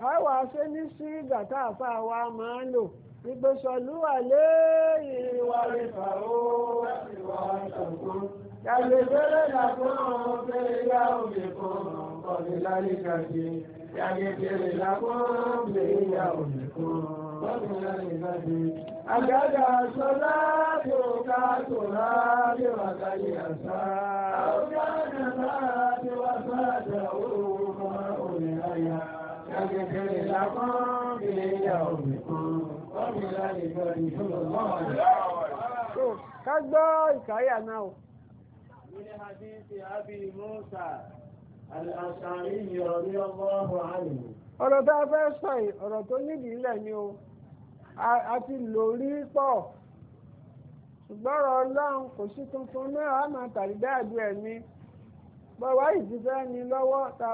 àwa ṣe ní sí gàtà àfa wa máa ń lò wípé sọlú àlẹ́ ìwà ìfà ó ìwà ìṣàkóso. Yàgbé fẹ́rẹ́ làkún ọmọ fẹ́rẹ́ yá òbí kan kọ̀lé láyé kàdé. Yàgbé fẹ́rẹ́ làkún ọmọ fẹ́rẹ́ yá òbí kan kọ̀lé láyé kàdé. Àgàgà sọlá tó ká tó rà lé wà káyé àṣà. Àwọn ọ̀gá àgbà tó wà sáájà ó máa òrìn àyà. فاستغفر لكم بيومكم ومن الجريم الله كذا الكاية ناو من حديث أبي موسى الأشعري رضي الله عنه ọ̀rọ̀ tá a fẹ́ sọ yìí ọ̀rọ̀ tó ni o a ti lò rí pọ̀ ṣùgbọ́n ọ̀rọ̀ ọlọ́run kò sí tuntun náà a máa tàbí dáàbò ẹ̀ ni bọ́wá ìdífẹ́ ni lọ́wọ́ tá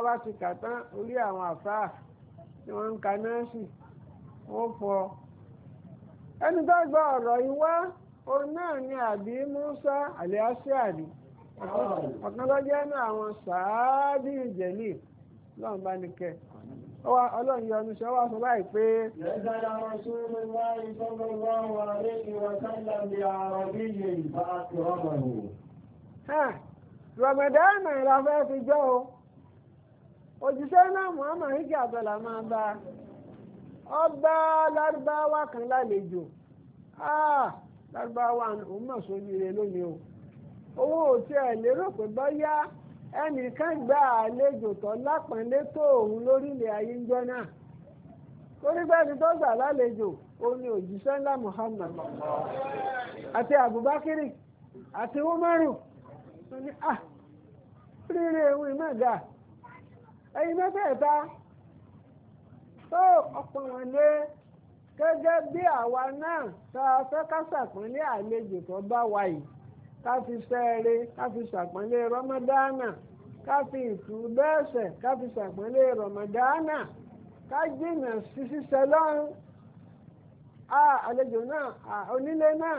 a orí àwọn àfáà ni wọ́n ń ka nọ́ọ̀sì wọ́n fọ ẹni tó gba ọ̀rọ̀ yìí wá òun náà ni àbí Musa aliasiari ọ̀kan ló jẹ́ náà àwọn sàábì ìjẹ̀lì lọ́n bá ní kẹ́ ọlọ́run yọ ọdún ṣe wá sọ báyìí pé. lẹ́sàdá rasúlù láì sọ́gbọ́ wọ́n àríkì wọ́sánlá bí àrọ̀ bí yìí bá ti rọ́bà òjíṣẹ́ náà Muhammad ike abdullah máa bá ọgbà lárúbáwá kan lálejò ah, lárúbáwá òun mọ̀ rẹ lónìí o owó òtí ẹ̀ lérò pé bọ́yá ẹnìkan gba àlejò tó lápọ̀nlé tó òun lórílẹ̀ ayé ń jọ́ náà tó gbà lálejò ni ńlá Muhammad àti Abubakiri ewu ẹ̀yin mẹ́fẹ̀ẹ̀ta tó ọ̀pọ̀ wọn lé gẹ́gẹ́ bí àwa náà tá fẹ́ ká ṣàpọ́nlé àlejò tó bá wa yìí ká fi sẹ́ẹ̀rẹ́ ká fi ṣàpọ́nlé rọmọdánà ká fi ìtú bẹ́ẹ̀sẹ̀ ká fi ṣàpọ́nlé rọmọdánà ká jìnnà àlejò náà onílé náà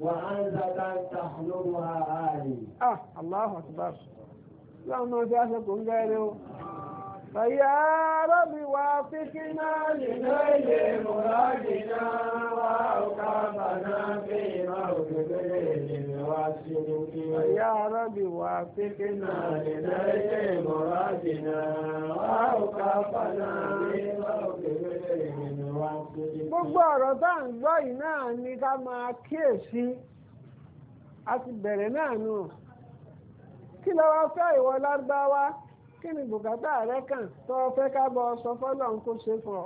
Ah, Allahu akbar. Láwọn náà jẹ́ aṣọ kò ń gẹ́rẹ́ o. Fàyà rọ́bì wà fíkí náà nínú واسق يا رب وافقنا لنيل مرادنا gbogbo ọ̀rọ̀ ń gbọ́ náà ni ká máa kíyèsí a ti bẹ̀rẹ̀ náà nù kí ló wá fẹ́ ìwọ lárúbáwá kí ni bùkátà rẹ kàn tó o fẹ́ ká bọ sọ fọ́lọ́ ń kó ṣe ọ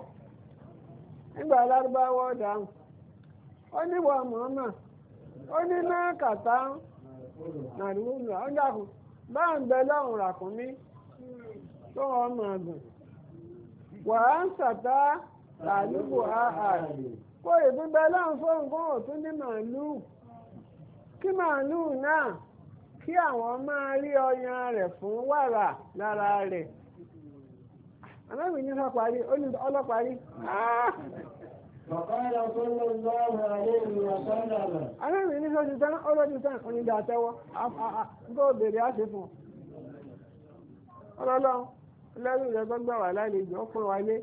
nígbà lárúbáwá ọ̀dà ó onye na-akata narị ụlọ onye ahụ baa mgbe lọhụrụ rakụmi tó ọmọ ọgùn wà á ń sàtá tàlúbù àhàrì kó ìbúgbẹ lọ́hùn fóun kó o tún ní màálùú kí màálùú náà kí àwọn máa rí ọyàn rẹ̀ fún wàrà lára rẹ̀ alábìyín sọ parí Aláàrin ní sọ́jú tán, ọlọ́jú tán, onídà tẹ́wọ́, tó bèèrè àṣẹ fún. Ọlọ́lọ́ lẹ́rù rẹ̀ gbọ́gbà wà lálejò ọkùnrin wáyé,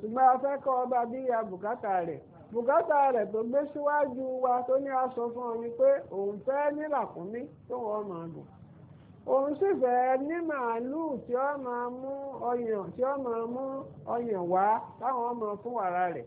ṣùgbọ́n a fẹ́ kọ́ ọba bí ya bùkátà rẹ̀. Bùkátà rẹ̀ tó gbé síwájú wa tó ní aṣọ fún ọ ni pé òun fẹ́ ní làkúnmí tó wọ́n máa dùn. Òun sì fẹ́ ní màálùú tí ó máa mú ọyàn wá táwọn máa fún wàrà rẹ̀.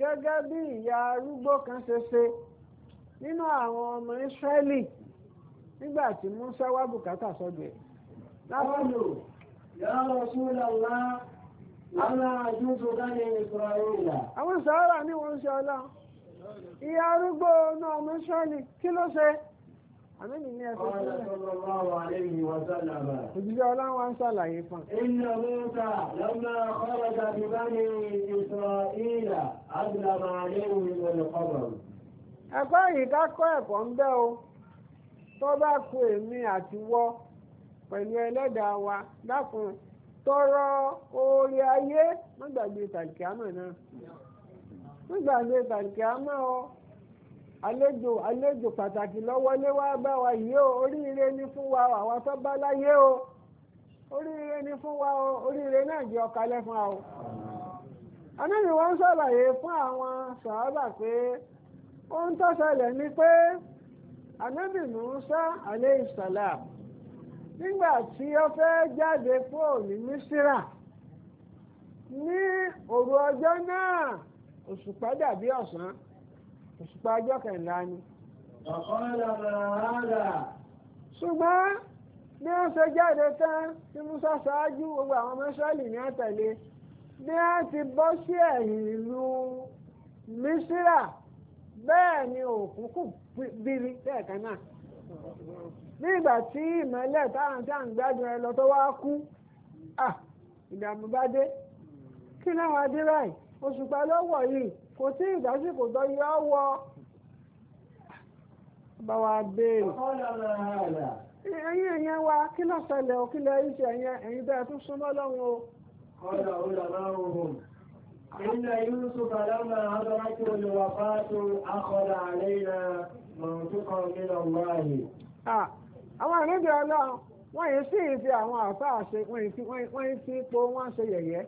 gẹ́gẹ́ bí ìyá arúgbó kan ṣe ṣe nínú àwọn ọmọ Ísírẹ́lì nígbà tí Musa wá bùkátà sọ́dọ̀ ẹ̀. lábọ́lù yàrá ọ̀ṣun lọ́la lọ́la àjúṣe dání ìfúráyìnlá. àwọn sàárà ní wọ́n ń ṣe ọlá ìyá arúgbó náà ọmọ Ísírẹ́lì kí ló ṣe. Àmìnì ní ẹ̀sọ́ sílẹ̀. Òjíṣẹ́ ọláwà ń ṣàlàyé fún. Iná Mọ́ta lọ́mọ ọ̀rọ̀dà ti bá ní ìṣọ̀ ìlà àdìlàmà léwu ìwọ̀lẹ̀ ọ̀rọ̀. Ẹ̀kọ́ yìí ká kọ́ ẹ̀kọ́ ń bẹ́ o. Tó bá ku èmi àti wọ́ pẹ̀lú ẹlẹ́dàá wa dákun tọrọ oore ayé má gbàgbé tàkìámọ̀ náà. Má gbàgbé tàkìámọ̀ o. àlejò àlejò pàtàkì lọ́wọ́lé wá bá wa yìí o oríire ni fún wa àwa tó bá láyé o oríire ni fún wa o oríire náà jẹ́ ọ̀kalẹ̀ fún wa o. anáyìn wọn ṣàlàyé fún àwọn sàábà pé ohun tó ṣẹlẹ̀ ni pé anábì Mùsá alayhi salam nígbà tí ó fẹ́ jáde kúrò ní Mísírà ní òru ọjọ́ náà òṣùpá dàbí ọ̀sán. òṣùpá ọjọ́ kẹrìnlá ni. ṣùgbọ́n bí wọ́n ṣe jáde tán tí Musa ṣáájú gbogbo àwọn ọmọ Ísírẹ́lì ní àtẹ̀lé bí wọ́n ti bọ́ sí ẹ̀yìn ìlú Mísírà bẹ́ẹ̀ ni òkun kù bírí lẹ́ẹ̀kan náà ní ìgbà tí ìmọ̀lẹ̀ táwọn tí à ń gbádùn ẹ lọ tó wá kú ìdààmú bá dé kí náà wá dé báyìí òṣùpá ló wọ̀ yìí kò tí ìdásíkò tó yọ wọ bá wa béèrè ẹ̀yin wa kí lọ ṣẹlẹ̀ o kí ló bẹ́ẹ̀ tó súnmọ́ lọ́wọ́ àwọn wọ́n yìí sí àwọn àfáà ṣe wọ́n yìí ipò ṣe yẹ̀yẹ́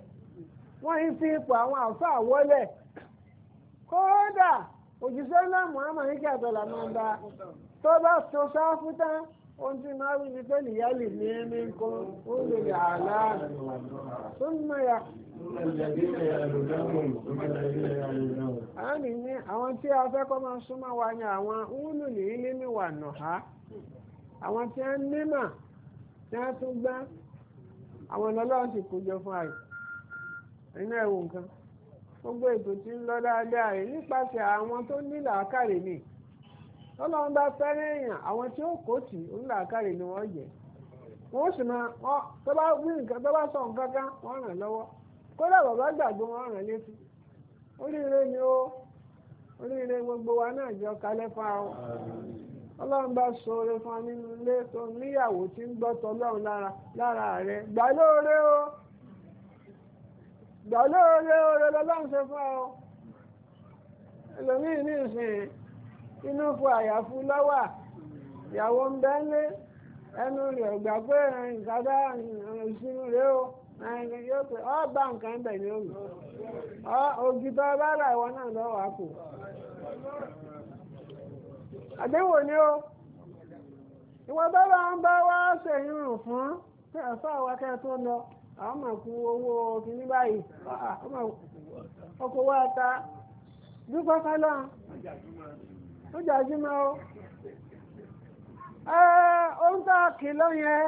wọ́n yìí kódà òjíṣẹ́ ńlá muhammad kí àtọ̀là máa ń bá tó bá tó sáfù tán ohun tí máa wí ni pé nìyálì ní ẹni kan ó lè rà láàánú tó ń mọ ya. àánì ní àwọn tí a fẹ́ kọ́ máa súnmọ́ wa ni àwọn wúlù ní ilé mi nà á àwọn tí tí tún gbá ti jọ fún àyè ẹ̀yin náà ẹ̀ wò nǹkan. gbogbo ètò tí ń lọ dáadáa rẹ̀ nípasẹ̀ àwọn tó ní làákàrè ni ọlọ́run bá fẹ́rẹ́ èèyàn àwọn tí ó kò tì ń làákàrè ni wọ́n jẹ́ wọ́n sì máa wọ́n tó bá sọ nǹkan kan wọ́n ràn lọ́wọ́ kódà bàbá gbàgbọ́ wọ́n ràn létí oríire ni ó oríire gbogbo wa náà jọ fún bá fún nínú ilé tó níyàwó tí ń gbọ́ tọ́lọ́run lára rẹ̀ gbà lóore o. gbà lóore oore lọ́lọ́run ṣe fún ọ ẹlòmíì ní ìsìn inú fún àyàfu lọ́wà ìyàwó ń bẹ́ lé ẹnu rẹ̀ gbà pé ìsádá rẹ̀ o ọ bá nǹkan bẹ̀ ní òmù ògì tó bá rà ìwọ náà lọ́wọ́ àpò àdéhùn ni ìwọ bá bá ń bá àwọn máa kú owó kìíní báyìí ọkọ̀ owó ata dúpẹ́ kálọ̀ ó jàjúmọ́ o ohun tó kìlọ̀ yẹn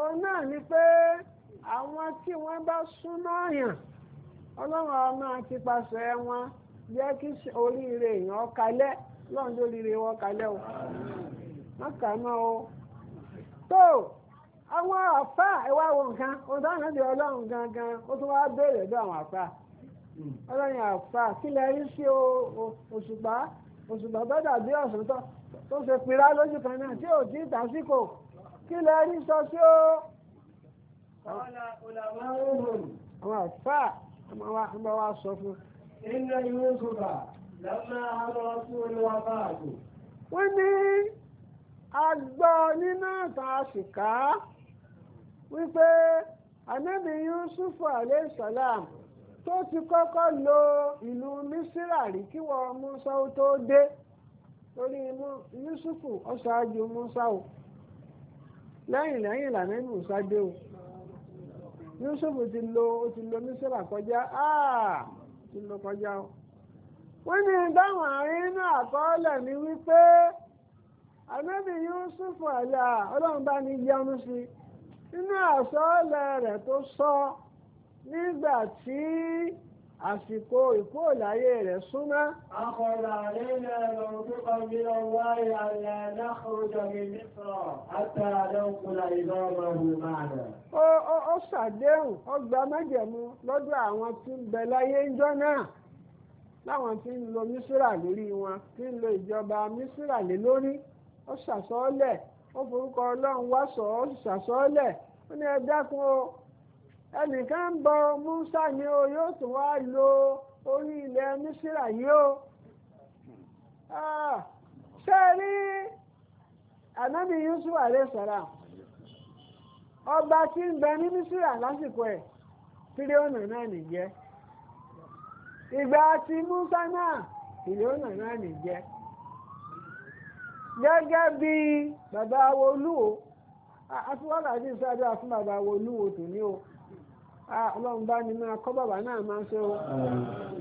òun náà ni pé àwọn tí wọ́n bá súnmọ́ yàn ọlọ́run ọmọ ti pàṣẹ wọn jẹ́ kí oríire èèyàn wọn o wọ́n o àwọn afaa ẹwà wo nkan ohun tó àná di ọlọ́run gangan ó tún wá awọn afaa. àwọn afaa ọlọ́run àfà kí rí sí òṣùpá òṣùpá tó dàbí tó ṣe pira lójú kan náà tí ò tí ì tàṣíkò kí rí sọ sí ó. àwọn wa sọ fún. ìwé lọ́mọ olúwa a gbọ́ nínú ìtàn wípé anábì Yusuf aleyhisalaam tó ti kọ́kọ́ lo ìlú misira rí kí wọ́n Musa ó tó dé torí Yusuf ọ̀ṣáájú Musa o lẹ́yìn lẹ́yìn ìlànà ìlú Musa dé o Yusuf ti lo ó ti lo Mísírà kọjá áà ti lo kọjá o wọ́n ní dáhùn àárín inú àkọọ́lẹ̀ ni wípé anábì Yusuf àlà ọlọ́run bá ní yánú sí i nínú àsọọ́lẹ̀ rẹ̀ tó sọ nígbà tí àsìkò ìkóòláyé rẹ̀ súnmọ́. akọ̀lá nínú ẹ̀rọ pípa bí ọwọ́ ìyàlẹ̀ lákòójọ mi nípa àtàlẹ́ òkúlà ìlọ́ọ̀rọ̀ ìmọ̀ rẹ̀. ó ṣàdéhùn ó gba májẹ̀mú lọ́dọ̀ àwọn tí ń bẹ láyé ńjọ́ náà láwọn tí ń lo mísírà lórí wọn tí ń lo ìjọba mísírà lé lórí ó ṣàsọọ́lẹ̀ ó forúkọ ọlọ́run wá sọ ọ́ ṣàsọ́ọ́lẹ̀ ó ní ẹ dákun o ẹnìkan bọ Musa ni o yóò tún lo orí ilẹ̀ Mísírà yìí o ah, ṣé ẹ rí Yusuf alayhi ọba tí ń bẹ ní Mísírà lásìkò ẹ̀ tírílíọ̀nù náà nìjẹ́ ìgbà tí Musa náà tírílíọ̀nù náà gẹ́gẹ́ bí bàbá olúwo àtiwọ́lá àti ìsáájú fún bàbá wo tòní o ọlọ́run bá ní máa kọ́ bàbá náà máa ṣe o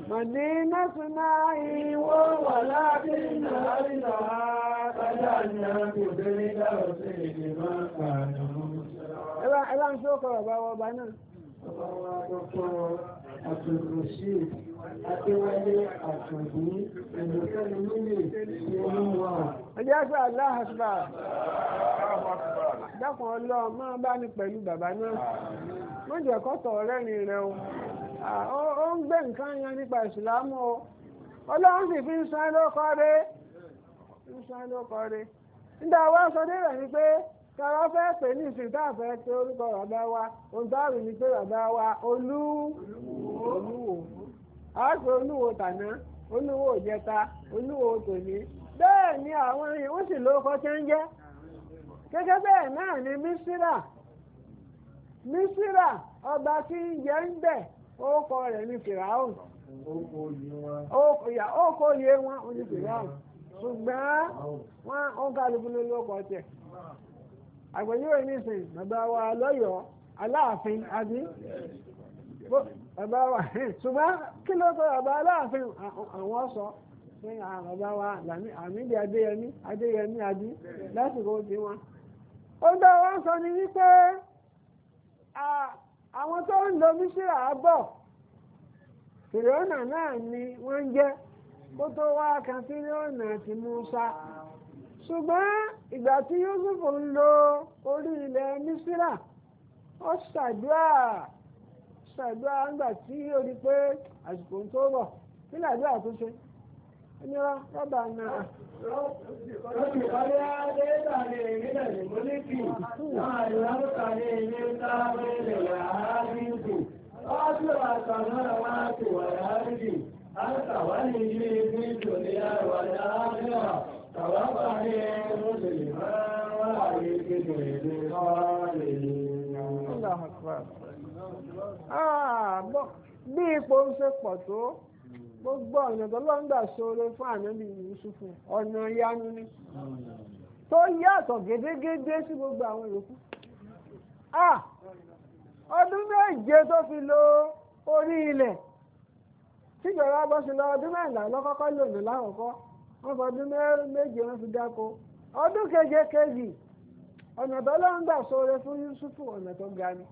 màdí mẹ́sàn-án náà ìwọ wà láti nàárínà kájà ní àgbègbè nígbà òsè èdè máa ẹ bá ń ṣe náà. bàbá àtúntò sí èdè. Ẹjẹ́ pé Allahu Akbar. Dákun ọlọ́ máa bá ní pẹ̀lú bàbá náà. Má jẹ́ kọ́tọ̀ ọ̀rẹ́ ni rẹ̀ o. Ó ń gbé nǹkan yan nípa o. Ọlọ́run sì fi ń rẹ̀. Ń rẹ̀. Nígbà wá sọ dé rẹ̀ ni fẹ́ orúkọ bàbá wa. ni pé bàbá wa àápè olúwo tàná olúwo òjẹta olúwo tòní bẹ́ẹ̀ ni àwọn ìwọ́n sì lóko tí ń jẹ́ gẹ́gẹ́ bẹ́ẹ̀ náà ni mísírà mísírà ọba tí ń jẹ ń bẹ̀ orúkọ rẹ̀ ni fìràhùn orúkọ yé wọn fìràhùn ṣùgbọ́n wọn ó kálukú ló tẹ̀ bàbá wa ṣùgbọ́n kí ló sọ bàbá aláàfin àwọn sọ pé bàbá wa àmìdí adéyẹmí adéyẹmí adí lásìkò tí wọn. ó ń dáwọ́ sọ ni wípé àwọn tó ń lo mísírà bọ̀ fìrìọ́nà náà ni wọ́n ń jẹ́ kó tó wá kan fìrìọ́nà ti Mùsá ṣùgbọ́n ìgbà tí Yusuf ń lo orí ilẹ̀ mísírà ó ṣàdúrà. ṣàdúrà ńgbà tí ó di pé àsìkò tó bọ̀ kí làdúrà tó ṣe ẹni rọ́bà náà. olùkọ́lé adé Ah, bí ipò ń ṣe pọ̀ tó gbogbo ọ̀nà tó lọ́ngbà ṣoore fún ànábì Yúsúfù ọ̀nà ìyanu ni tó yàtọ̀ gédégédé sí gbogbo àwọn yòókù ah, ọdún méje tó fi lo orí ilẹ̀ bọ́ sí lọ ọdún mẹ́rìnlá lọ́kọ́kọ́ wọ́n fọ ọdún méje keje kejì ọ̀nà tó lọ́ngbà fún ọ̀nà tó ga ni.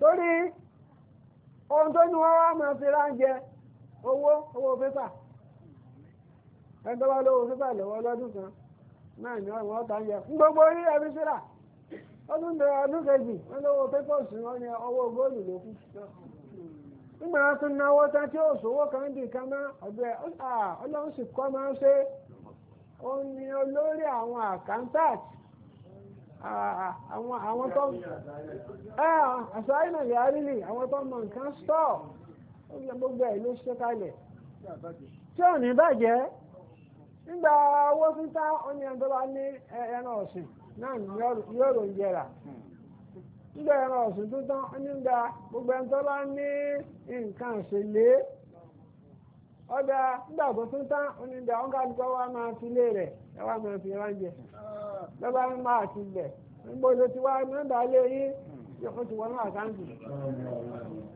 torí ohun tó ní wọ́n wá máa owó owó pépà ẹni lówó lọ́wọ́ lọ́dún kan náà ń yẹ gbogbo orí ẹbí síra ọdún owó góòlù ló kù nígbà wọn tún náwó tán tí ó sòwò kan dì kan mọ́ ọ̀gbẹ́ ah, ọlọ́run sì kọ́ máa ń ṣe olórí àwọn àwọn tó àṣà ìnà ìyárí ni àwọn tó mọ nǹkan gbogbo ẹ̀ ló ṣe kalẹ̀ tí ò ní bàjẹ́ nígbà owó fífá ọ̀nà tó bá ní ẹran ọ̀sìn náà yóò rò ń jẹrà nígbà ẹran ọ̀sìn tó tán nígbà gbogbo ní nǹkan nígbà tó tún tán nígbà ọ̀gá máa fi lọ́ba ń máa ti bẹ̀ nígbà tó ti wá nọ́mbà lé yín yóò ti wọnú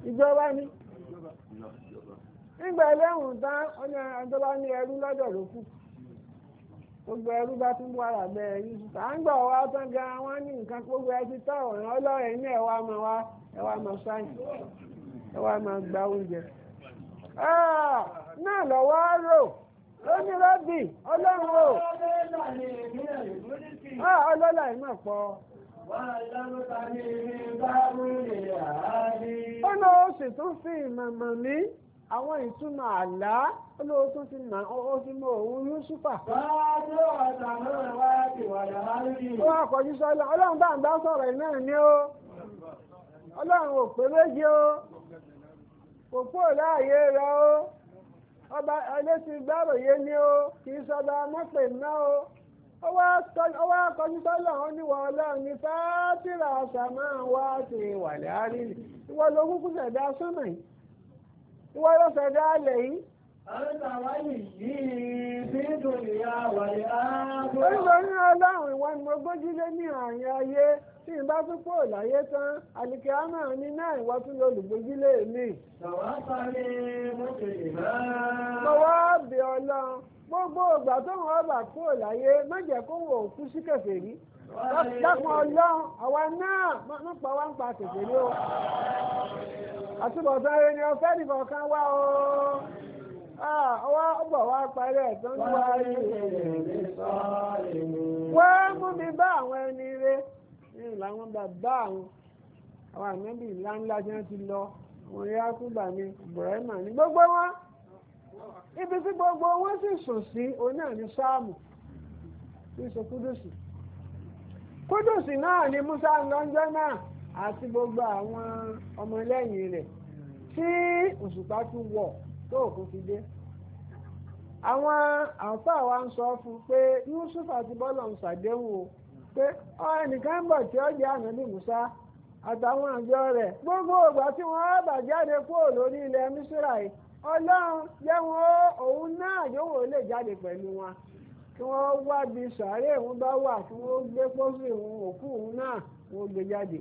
ìjọba ni nígbà ẹlẹ́wọ̀n tán ọ̀nà àjọba ní ẹrú lọ́dọ̀ ló kù gbogbo ẹrú bá tún bú ara bẹ́ẹ̀ rí à ń gbà wá tán gan wọ́n ní nǹkan gbogbo ẹ ti tọ́ ọ̀ràn ọlọ́rẹ̀ ní ẹ̀wà ó ní rọ́bì ọlọ́run o ọlọ́lá ìmọ̀ ah, pọ̀ ó lọ sì tún fi ìmọ̀mọ̀ mi àwọn ìtumọ̀ àlá olóò tún ti nà ó fi mọ òun Yúsúfà. ó wá sọ́lá ọlọ́run bá ń bá sọ̀rọ̀ náà ni ó ọlọ́run ò pé méjì ó kò kúrò láàyè rẹ̀ ó. ọba ẹlẹ́sìn gbáròyé ni ó kì í sọba mọ́pẹ̀ náà ó ó wá kọjú sọ́lọ̀ níwọ̀ ọlọ́run ní fáátìrà ọ̀sàmá wá sí ìwàlẹ̀ àárín ìwọ ló kúkú ṣẹ̀dá yìí ìwọ ló Oríṣiríṣi ọlọ́run ìwọ ni mo gbójú lé ní àárín ayé tí n bá tún pọ̀ láyé tán, àlìkè àmà ní náà ìwọ tún lọ olùgbójú lé mi. Mo wá bí ọlọ́run gbogbo ìgbà tó wọn bà kúrò láyé má jẹ́ kó wò ó kú sí kèfèrí. Dákun ọlọ́run àwa náà má pa wá ń pa kèfèrí o. Àtúbọ̀tán rẹ ọ̀fẹ́ nìkan kan wá o àwọn ọgbà wa parí ẹ̀tọ́ ní wá rí wọ́n mú mi bá àwọn ẹni rẹ ní ìlànà bàbá àwọn àwọn ànábì ńláńlá tí wọ́n ti lọ àwọn yakúbà ní Ibrahima ní gbogbo wọn ibi tí gbogbo wọn sì sùn sí òun náà ní sáàmù ní sọ kúdùsì kúdùsì náà ni Musa lọ́jọ́ náà àti gbogbo àwọn ọmọlẹ́yìn rẹ̀ tí òṣùpá tún wọ̀. tó òkú fi dé àwọn àfáà wa ń sọ fún pé Yusuf àti bọ́lọ̀ ń ṣàdéhùn o pé ẹnìkan ń bọ̀ tí ó jẹ́ ànábì Musa àtàwọn àjọ rẹ̀ gbogbo ìgbà tí wọ́n bà jáde kúrò lórí ilẹ̀ Mísírà yìí Ọlọ́run jẹ́ wọn òun náà yòówó lè jáde pẹ̀lú wọn kí wọ́n wá bí sàárè òun bá wà kí wọ́n gbé pósí òun òkú òun náà wọ́n gbé jáde.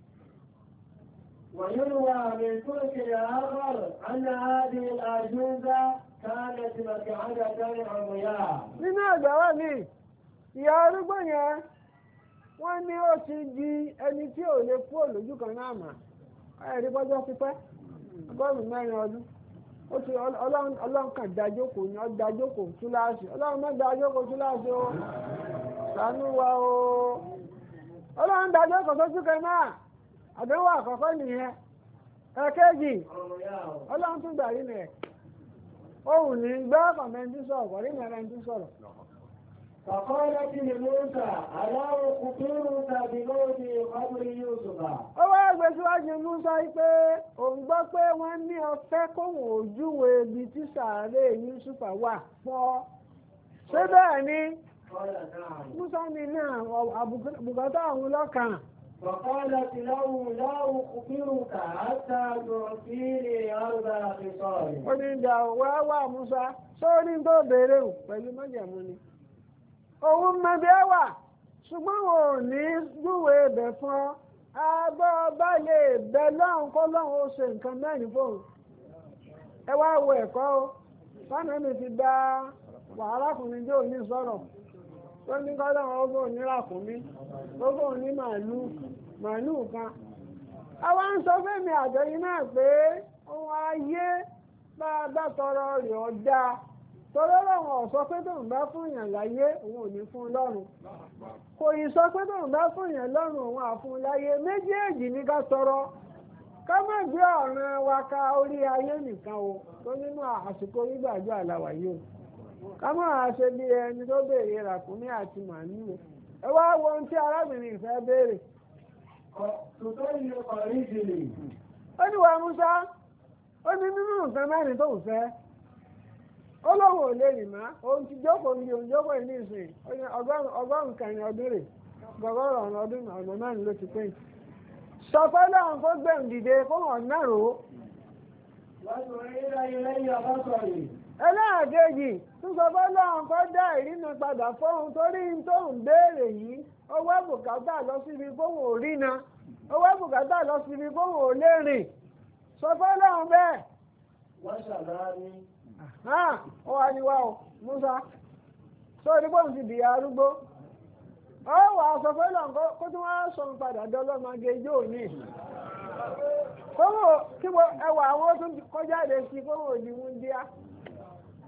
ويروى من طرق آخر أن هذه الأجوبة كانت مكعدة عمياء لماذا وامي يا ربنا wọ́n ní ó ti di ẹni tí ò lè kú òlójú kan náà mà ẹ̀rí gbọ́dọ̀ ti pẹ́ ọgọ́rùn-ún mẹ́rin ọdún ó ti ọlọ́run dájókòó ni ọdájókòó túláàsì ọlọ́run dájókòó túláàsì o ṣàánú wa o ọlọ́run dájókòó sósúkẹ náà. àdánwò àkọ́kọ́ nìyẹn ẹ̀kẹ́jì ọlọ́run tún gbà rí rẹ̀ ohun ní gbọ́ kọ̀mẹ́ntì sọ̀rọ̀ kọ̀rí mẹ́rẹ́ntì sọ̀rọ̀. ni Mọ́sà, aláwọ̀ kùkúrú tàbí lóòdì ìfọ́bùrí Yúsùfà. Ó wá gbé síwájú Mọ́sà òun gbọ́ pé wọ́n ní ọfẹ́ kóhùn òjúwe فقالت له لا أخبرك حتى تعطيني أربع خصال. ó ní ìjà wá wà Musa sórí tó béèrè o pẹ̀lú májàmú ni. ṣùgbọ́n wọn ò ní júwe ẹ̀bẹ̀ fún ọ abọ́ ọba lè bẹ lọ́hùn lọ́hùn ó ṣe nǹkan mẹ́rin fóun ẹ wá wo ẹ̀kọ́ wọ́n ní kọ́lọ́ ọgbọ́n onírà fún mi ọgbọ́n kan àwa ń sọ fẹ́mi àjọyìn náà pé bá a tọrọ rẹ̀ ọ̀dà tọrọ lọ́wọ́ ọ̀sọ́ pé tóun bá fún yàn láyé òun ò ní fún lọ́run kò yìí sọ pé tóun bá fún yàn lọ́run òun àfún láyé orí ayé nìkan o nínú àsìkò àlàwà yìí o. kama ṣe bí ẹni tó béèrè ràkúnmí àti màálù ẹ wá ohun tí arábìnrin béèrè. ó ní wàá musa ó ní nínú nǹkan mẹ́rin tó ń fẹ́ ó lóun ò lè rìn má ti jókòó ní òun jókòó ní ìsìn ọgọ́rùn-ún kẹrin ọdún rè gbọgọ́rùn-ún ọdún ọ̀nà mẹ́rin ló ti sọ pé lọ́run kó gbẹ̀m dìde kó hàn rò wọ́n ti rí ilé sọ̀rọ̀ ẹlẹ́ẹ̀kejì túnṣọ́fọ́ náà kọ́ dá ìrìnà padà fóun torí tó ń béèrè yìí owó bùkátà lọ síbi kóhùn ò rína owó bùkátà lọ síbi ò lè rìn sọfọ́ náà bẹ́ẹ̀. wọ́n ṣàlàyé. ó wá ní wá o Musa sọ ní bóun ti dìyà arúgbó ó wà á sọfọ́ náà kó sọ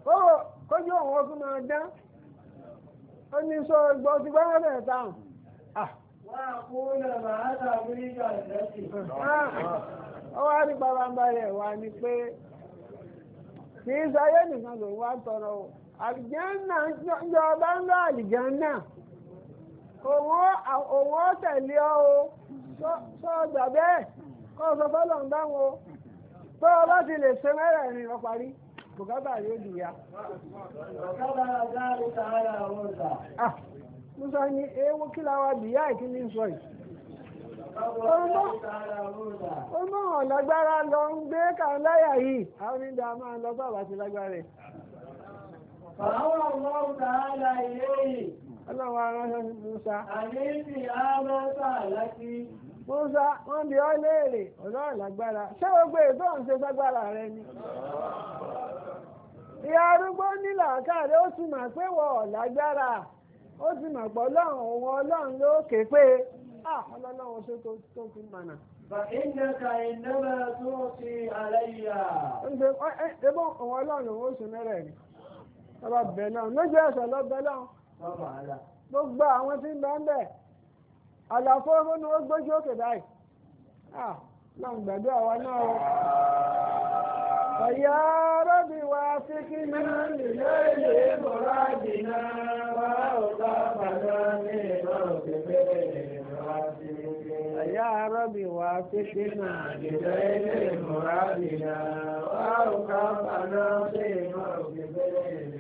kóró kójú òun ọdún máa dán ó ní sọ gbọ́ ti gbọ́ ah. mẹ́fẹ̀ẹ́ táwọn. Ah. ó wá rí rẹ̀ wá ní pé kì í sáyé nìkan lòun wá tọrọ ń lọ òun ó tẹ̀lé ọ o bẹ́ẹ̀ kọ́ ọ sọ fọ́lọ́ ń bá wọn o ti lè ṣe bùkátà yóò obi ya. Ah, Musa ní ewu kí la wa bì yá ìkí ní sọ yìí. Ó mọ̀ hàn lọ ń gbé kàn láyà yìí. Àwọn máa lọ lágbára Fàáwọ̀ Ọlọ́run Musa. Musa, wọ́n ọ́ léèrè, Ṣé ètò ọ̀hún ṣe ságbára rẹ ni? ìyá arúgbó nílà káàdé ó ti otu pé wọ́n ọ̀lágbára ó ti pọ̀ lọ́run òun ọlọ́run ló ké pé ah, ọlọ́run ṣe tó fi mọ̀nà. Ìjẹta Gbogbo àwọn tí ń ń bẹ̀. Àlàfo ni ó gbójú òkè báyìí. Ah, Lọ́n wa náà. فيا رب وافقنا إليه مرادنا وأوقافنا من يا رب وافقنا لغير مرادنا وأوقافنا في موقفين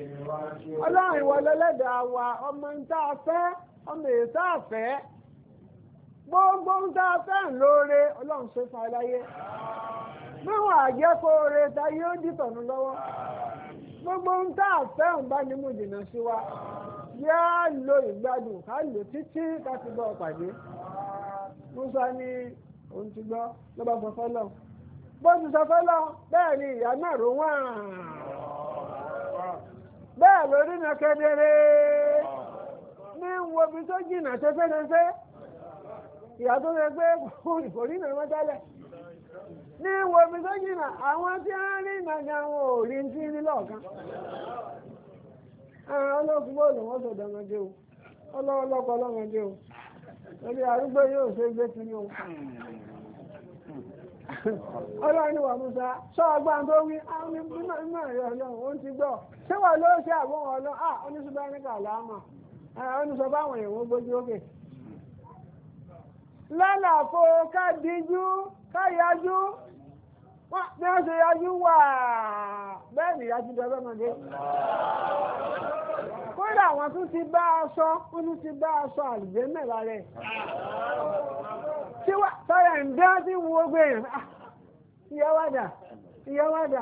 Ọlọ́run ìwọlẹ́lẹ́dàá wa ọmọ ń tá a fẹ́ ọmọ èyí tá a fẹ́ gbogbo ń tá a fẹ́ ń lóore ọlọ́run ṣe fún aláyé níwọ̀n àjẹkọ́ oore ta yóò dìtọ̀nù lọ́wọ́ gbogbo ń tá a fẹ́ ń bá nímú jìnnà sí wa yá lo ìgbádùn ká lò títí ká ti bọ́ musa ní òun ti gbọ́ ló bá bó ti sọ bẹ́ẹ̀ ni ìyá náà rò wọ́n bẹ́ẹ̀ lórí náà kedere ní wo ibi tó jìnnà ṣe fẹ́ẹ́ ìyá tó rẹ pé kò rí ìrànwọ́ tẹ́lẹ̀ ní wòmí tó jìnà àwọn tí a rí ìgbàgbà wọn ò rí tí ní lọ́ọ̀kan ẹran tó o ọlọ́mọdé o lórí arúgbó yóò ṣe gbé sí ní o Musa sọ ọgbà tó wí àwọn ọlọ́run ó ti gbọ́ lálàfo ká díjú ká yájú bí wọ́n ṣe yájú wà bẹ́ẹ̀ yájú dọ́gbẹ́ mọ̀dé kódà wọ́n tún ti bá aṣọ tún ti bá aṣọ àlùjẹ́ mẹ́ra rẹ̀ ń dá sí wo gbé yẹn ìyáwádà ìyáwádà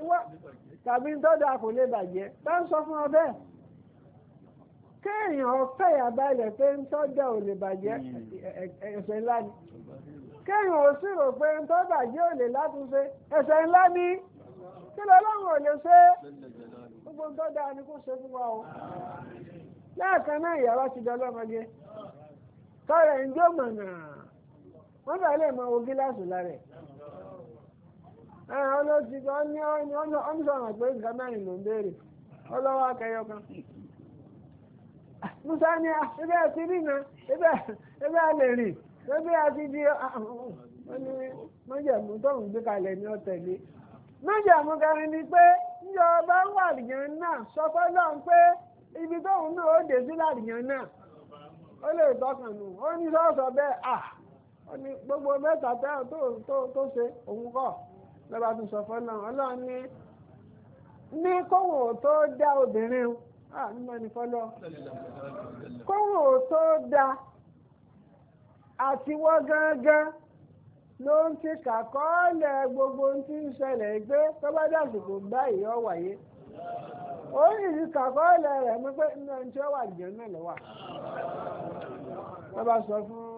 ìwọ́ tàbí dọ́dà kò lè bàjẹ́ bá ń sọ fún ọ bẹ́ẹ̀ kéèyàn ọ̀fẹ́ àbálẹ̀ pé ń tọ́jà ò lè bàjẹ́ ẹ̀ṣẹ̀ ńlá ni kéèyàn ò sì rò pé ń tọ́jà jẹ́ ò lè látúnṣe ẹ̀ṣẹ̀ ńlá ni kí lọ́lọ́run ò lè ṣe gbogbo ń tọ́jà ni kò ṣe fún wa o lẹ́ẹ̀kan náà ìyàwó ti dọ́ lọ́mọdé kọ́rẹ̀ ń jó mọ̀nà wọ́n bá lè mọ ogí láṣù lára ẹ̀. ẹ̀rọ olóṣìṣẹ́ ọ́nì pé mẹ́rin ló ń ọlọ́wọ́ kan. musa ni ti rí na lè rìn a ti di gbé kalẹ̀ ní ọ̀tẹ̀lé mọ́jẹ̀mú kẹrin ni pé níjọ ọba wà lìyàn náà sọ fọ́lọ́n pé ibi tóun náà ó dé sí làlìyàn náà ó lè tọkàn nù ó ní sọ́ọ̀sọ̀ bẹ́ẹ̀ à ó gbogbo mẹ́ta tó ṣe òun kọ́. lọ́ba tún sọ fọ́lọ́ ọlọ́run ní ní kóhùn ò tó dá obìnrin o nígbà ní fọ́lọ́ kóhùn ò tó dá àtiwọ́ gángan ló ń ti kàkọ́ọ́lẹ̀ gbogbo tí ń ṣẹlẹ̀ gbé tọ́ba dàsìkò báyìí ọ wáyé ó sì ti kàkọ́ọ́lẹ̀ rẹ̀ mú pé ní ọjọ́ wà jẹ́ náà lọ́wà tọ́ba sọ fún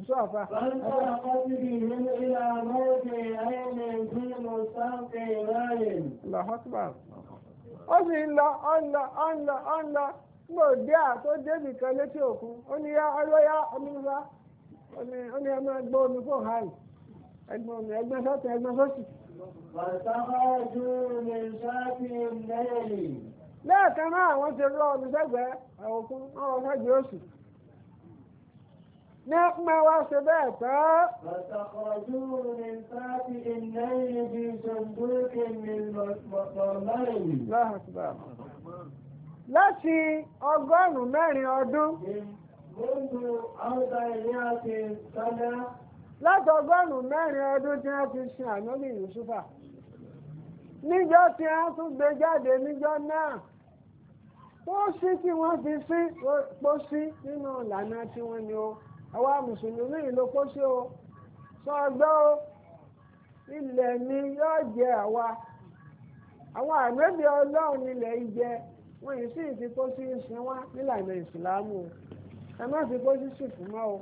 ìṣọ́àfà. ó sì ń lọ ó ń lọ ó ń lọ ó ń lọ nígbà òde à tó débì kan létí òkun ó ní yá ọmọlúwa ó ní ẹgbẹ́ omi fún hàn ẹgbẹ́ omi ẹgbẹ́ ẹgbẹ́ lẹ́ẹ̀kan náà wọ́n ti rọ omi sẹ́gbẹ̀ẹ́ òkun wọ́n wọ́n ní ọkùnmẹ́ wá ṣe bẹ́ẹ̀ tán. Bàtàkọ̀jú ní sáàtì ìnáyìn bí ṣàndúrókè ní lọ́mọ́rin. Láti ọgọ́rùn-ún mẹ́rin ọdún. Gbogbo ọgbà ìyá ti sọ́dá. Láti ọgọ́rùn-ún mẹ́rin ọdún tí wọ́n ti sin ànábì Yusufa. Níjọ́ tí wọ́n tún gbé jáde níjọ́ náà pósí tí wọ́n fi sí pósí nínú ìlànà tí wọ́n ní ó àwa mùsùlùmí ló kó sí o sọ gbọ́ o ilẹ̀ ni yóò jẹ àwa àwọn àgbẹ̀bí ọlọ́run nílẹ̀ yìí jẹ wọ́n yìí sì fi kó sí ìsìn wá nílànà ìsìlámù o ẹ má fi kó sí sùfù mọ́ o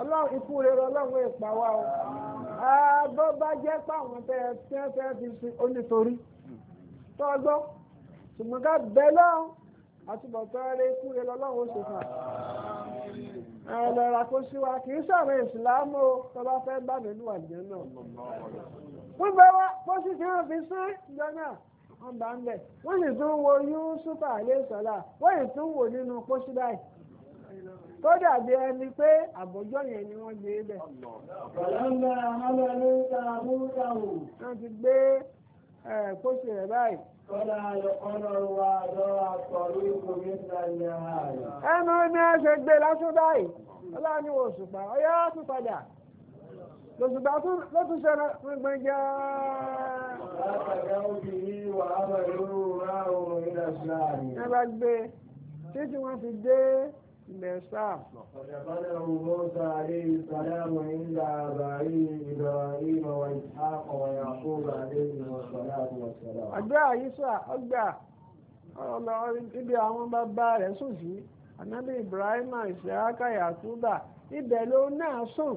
ọlọ́run ikú rere ọlọ́run èèpà wa o bó bá jẹ́ páwọn tẹ́ ẹ tí wọ́n fẹ́ fi sin onítorí tó gbọ́ ṣùgbọ́n ká bẹ́ lọ́run àtúbọ̀tán rẹ ikú rere ọlọ́run ó ṣe fà á ẹlẹ́ra kó sí wa kì í sọ̀rọ̀ ìsìlámù o tó bá fẹ́ bá nínú àjẹ́ náà. gbogbo wa kó sì kí wọ́n fi sán ìjọ náà wọ́n bá ń bẹ̀ wọ́n sì tún wo Yúsúfà àlẹ́sọ̀lá wọ́n sì tún wò nínú pósí báyìí. tó dàbí ẹni pé àbójọ́ yẹn ni wọ́n gbé bẹ̀. ọ̀làǹdà àmàlẹ́ ló ń ta àbúrò táwọn. wọ́n ti gbé pósí rẹ̀ báyìí ẹnu ní ẹsẹ̀ gbé lásán báyìí ọlọ́ni òṣùpá ọyá tún padà lòṣùpá ló tún ṣẹlẹ̀ gbẹ̀gbẹ̀ jẹ́ ẹ bá gbé títí wọ́n fi dé mẹ́sà. ọ̀dàbọ̀dà Musa alayhi salamu inda àbáyé Ibrahim wa Ishaq wa Yaqub alayhi salatu wa salam. àgbẹ̀ àyíṣà ọgbà ọlọ ibi àwọn bàbá rẹ sùn sí ànábì Ibrahim Ishaq Yaquba ibẹ̀ ló náà sùn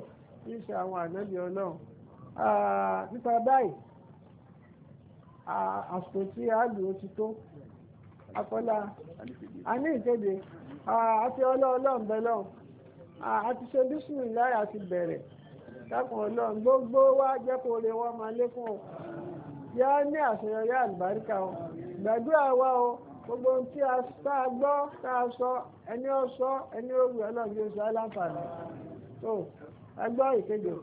àwọn anabi nípa báyìí ti tó a ní ìkéde. Ah, àti ọlọ́ọ̀lọ́ọ̀ bẹ́lọ́ ah, àti ṣe bísùn láyà ti bẹ̀rẹ̀ dákun ọlọ́run gbogbo wa jẹ́ kó lè wọ́n máa lékún o yá ní àṣeyọrí àlùbáríkà o gbàdúrà wa o gbogbo ohun tí a gbọ́ tá a sọ ẹni ó sọ ẹni ó wù ọlọ́run yóò sọ aláǹfààní tó a gbọ́ ìkéde o.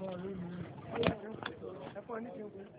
Thank you. for anything.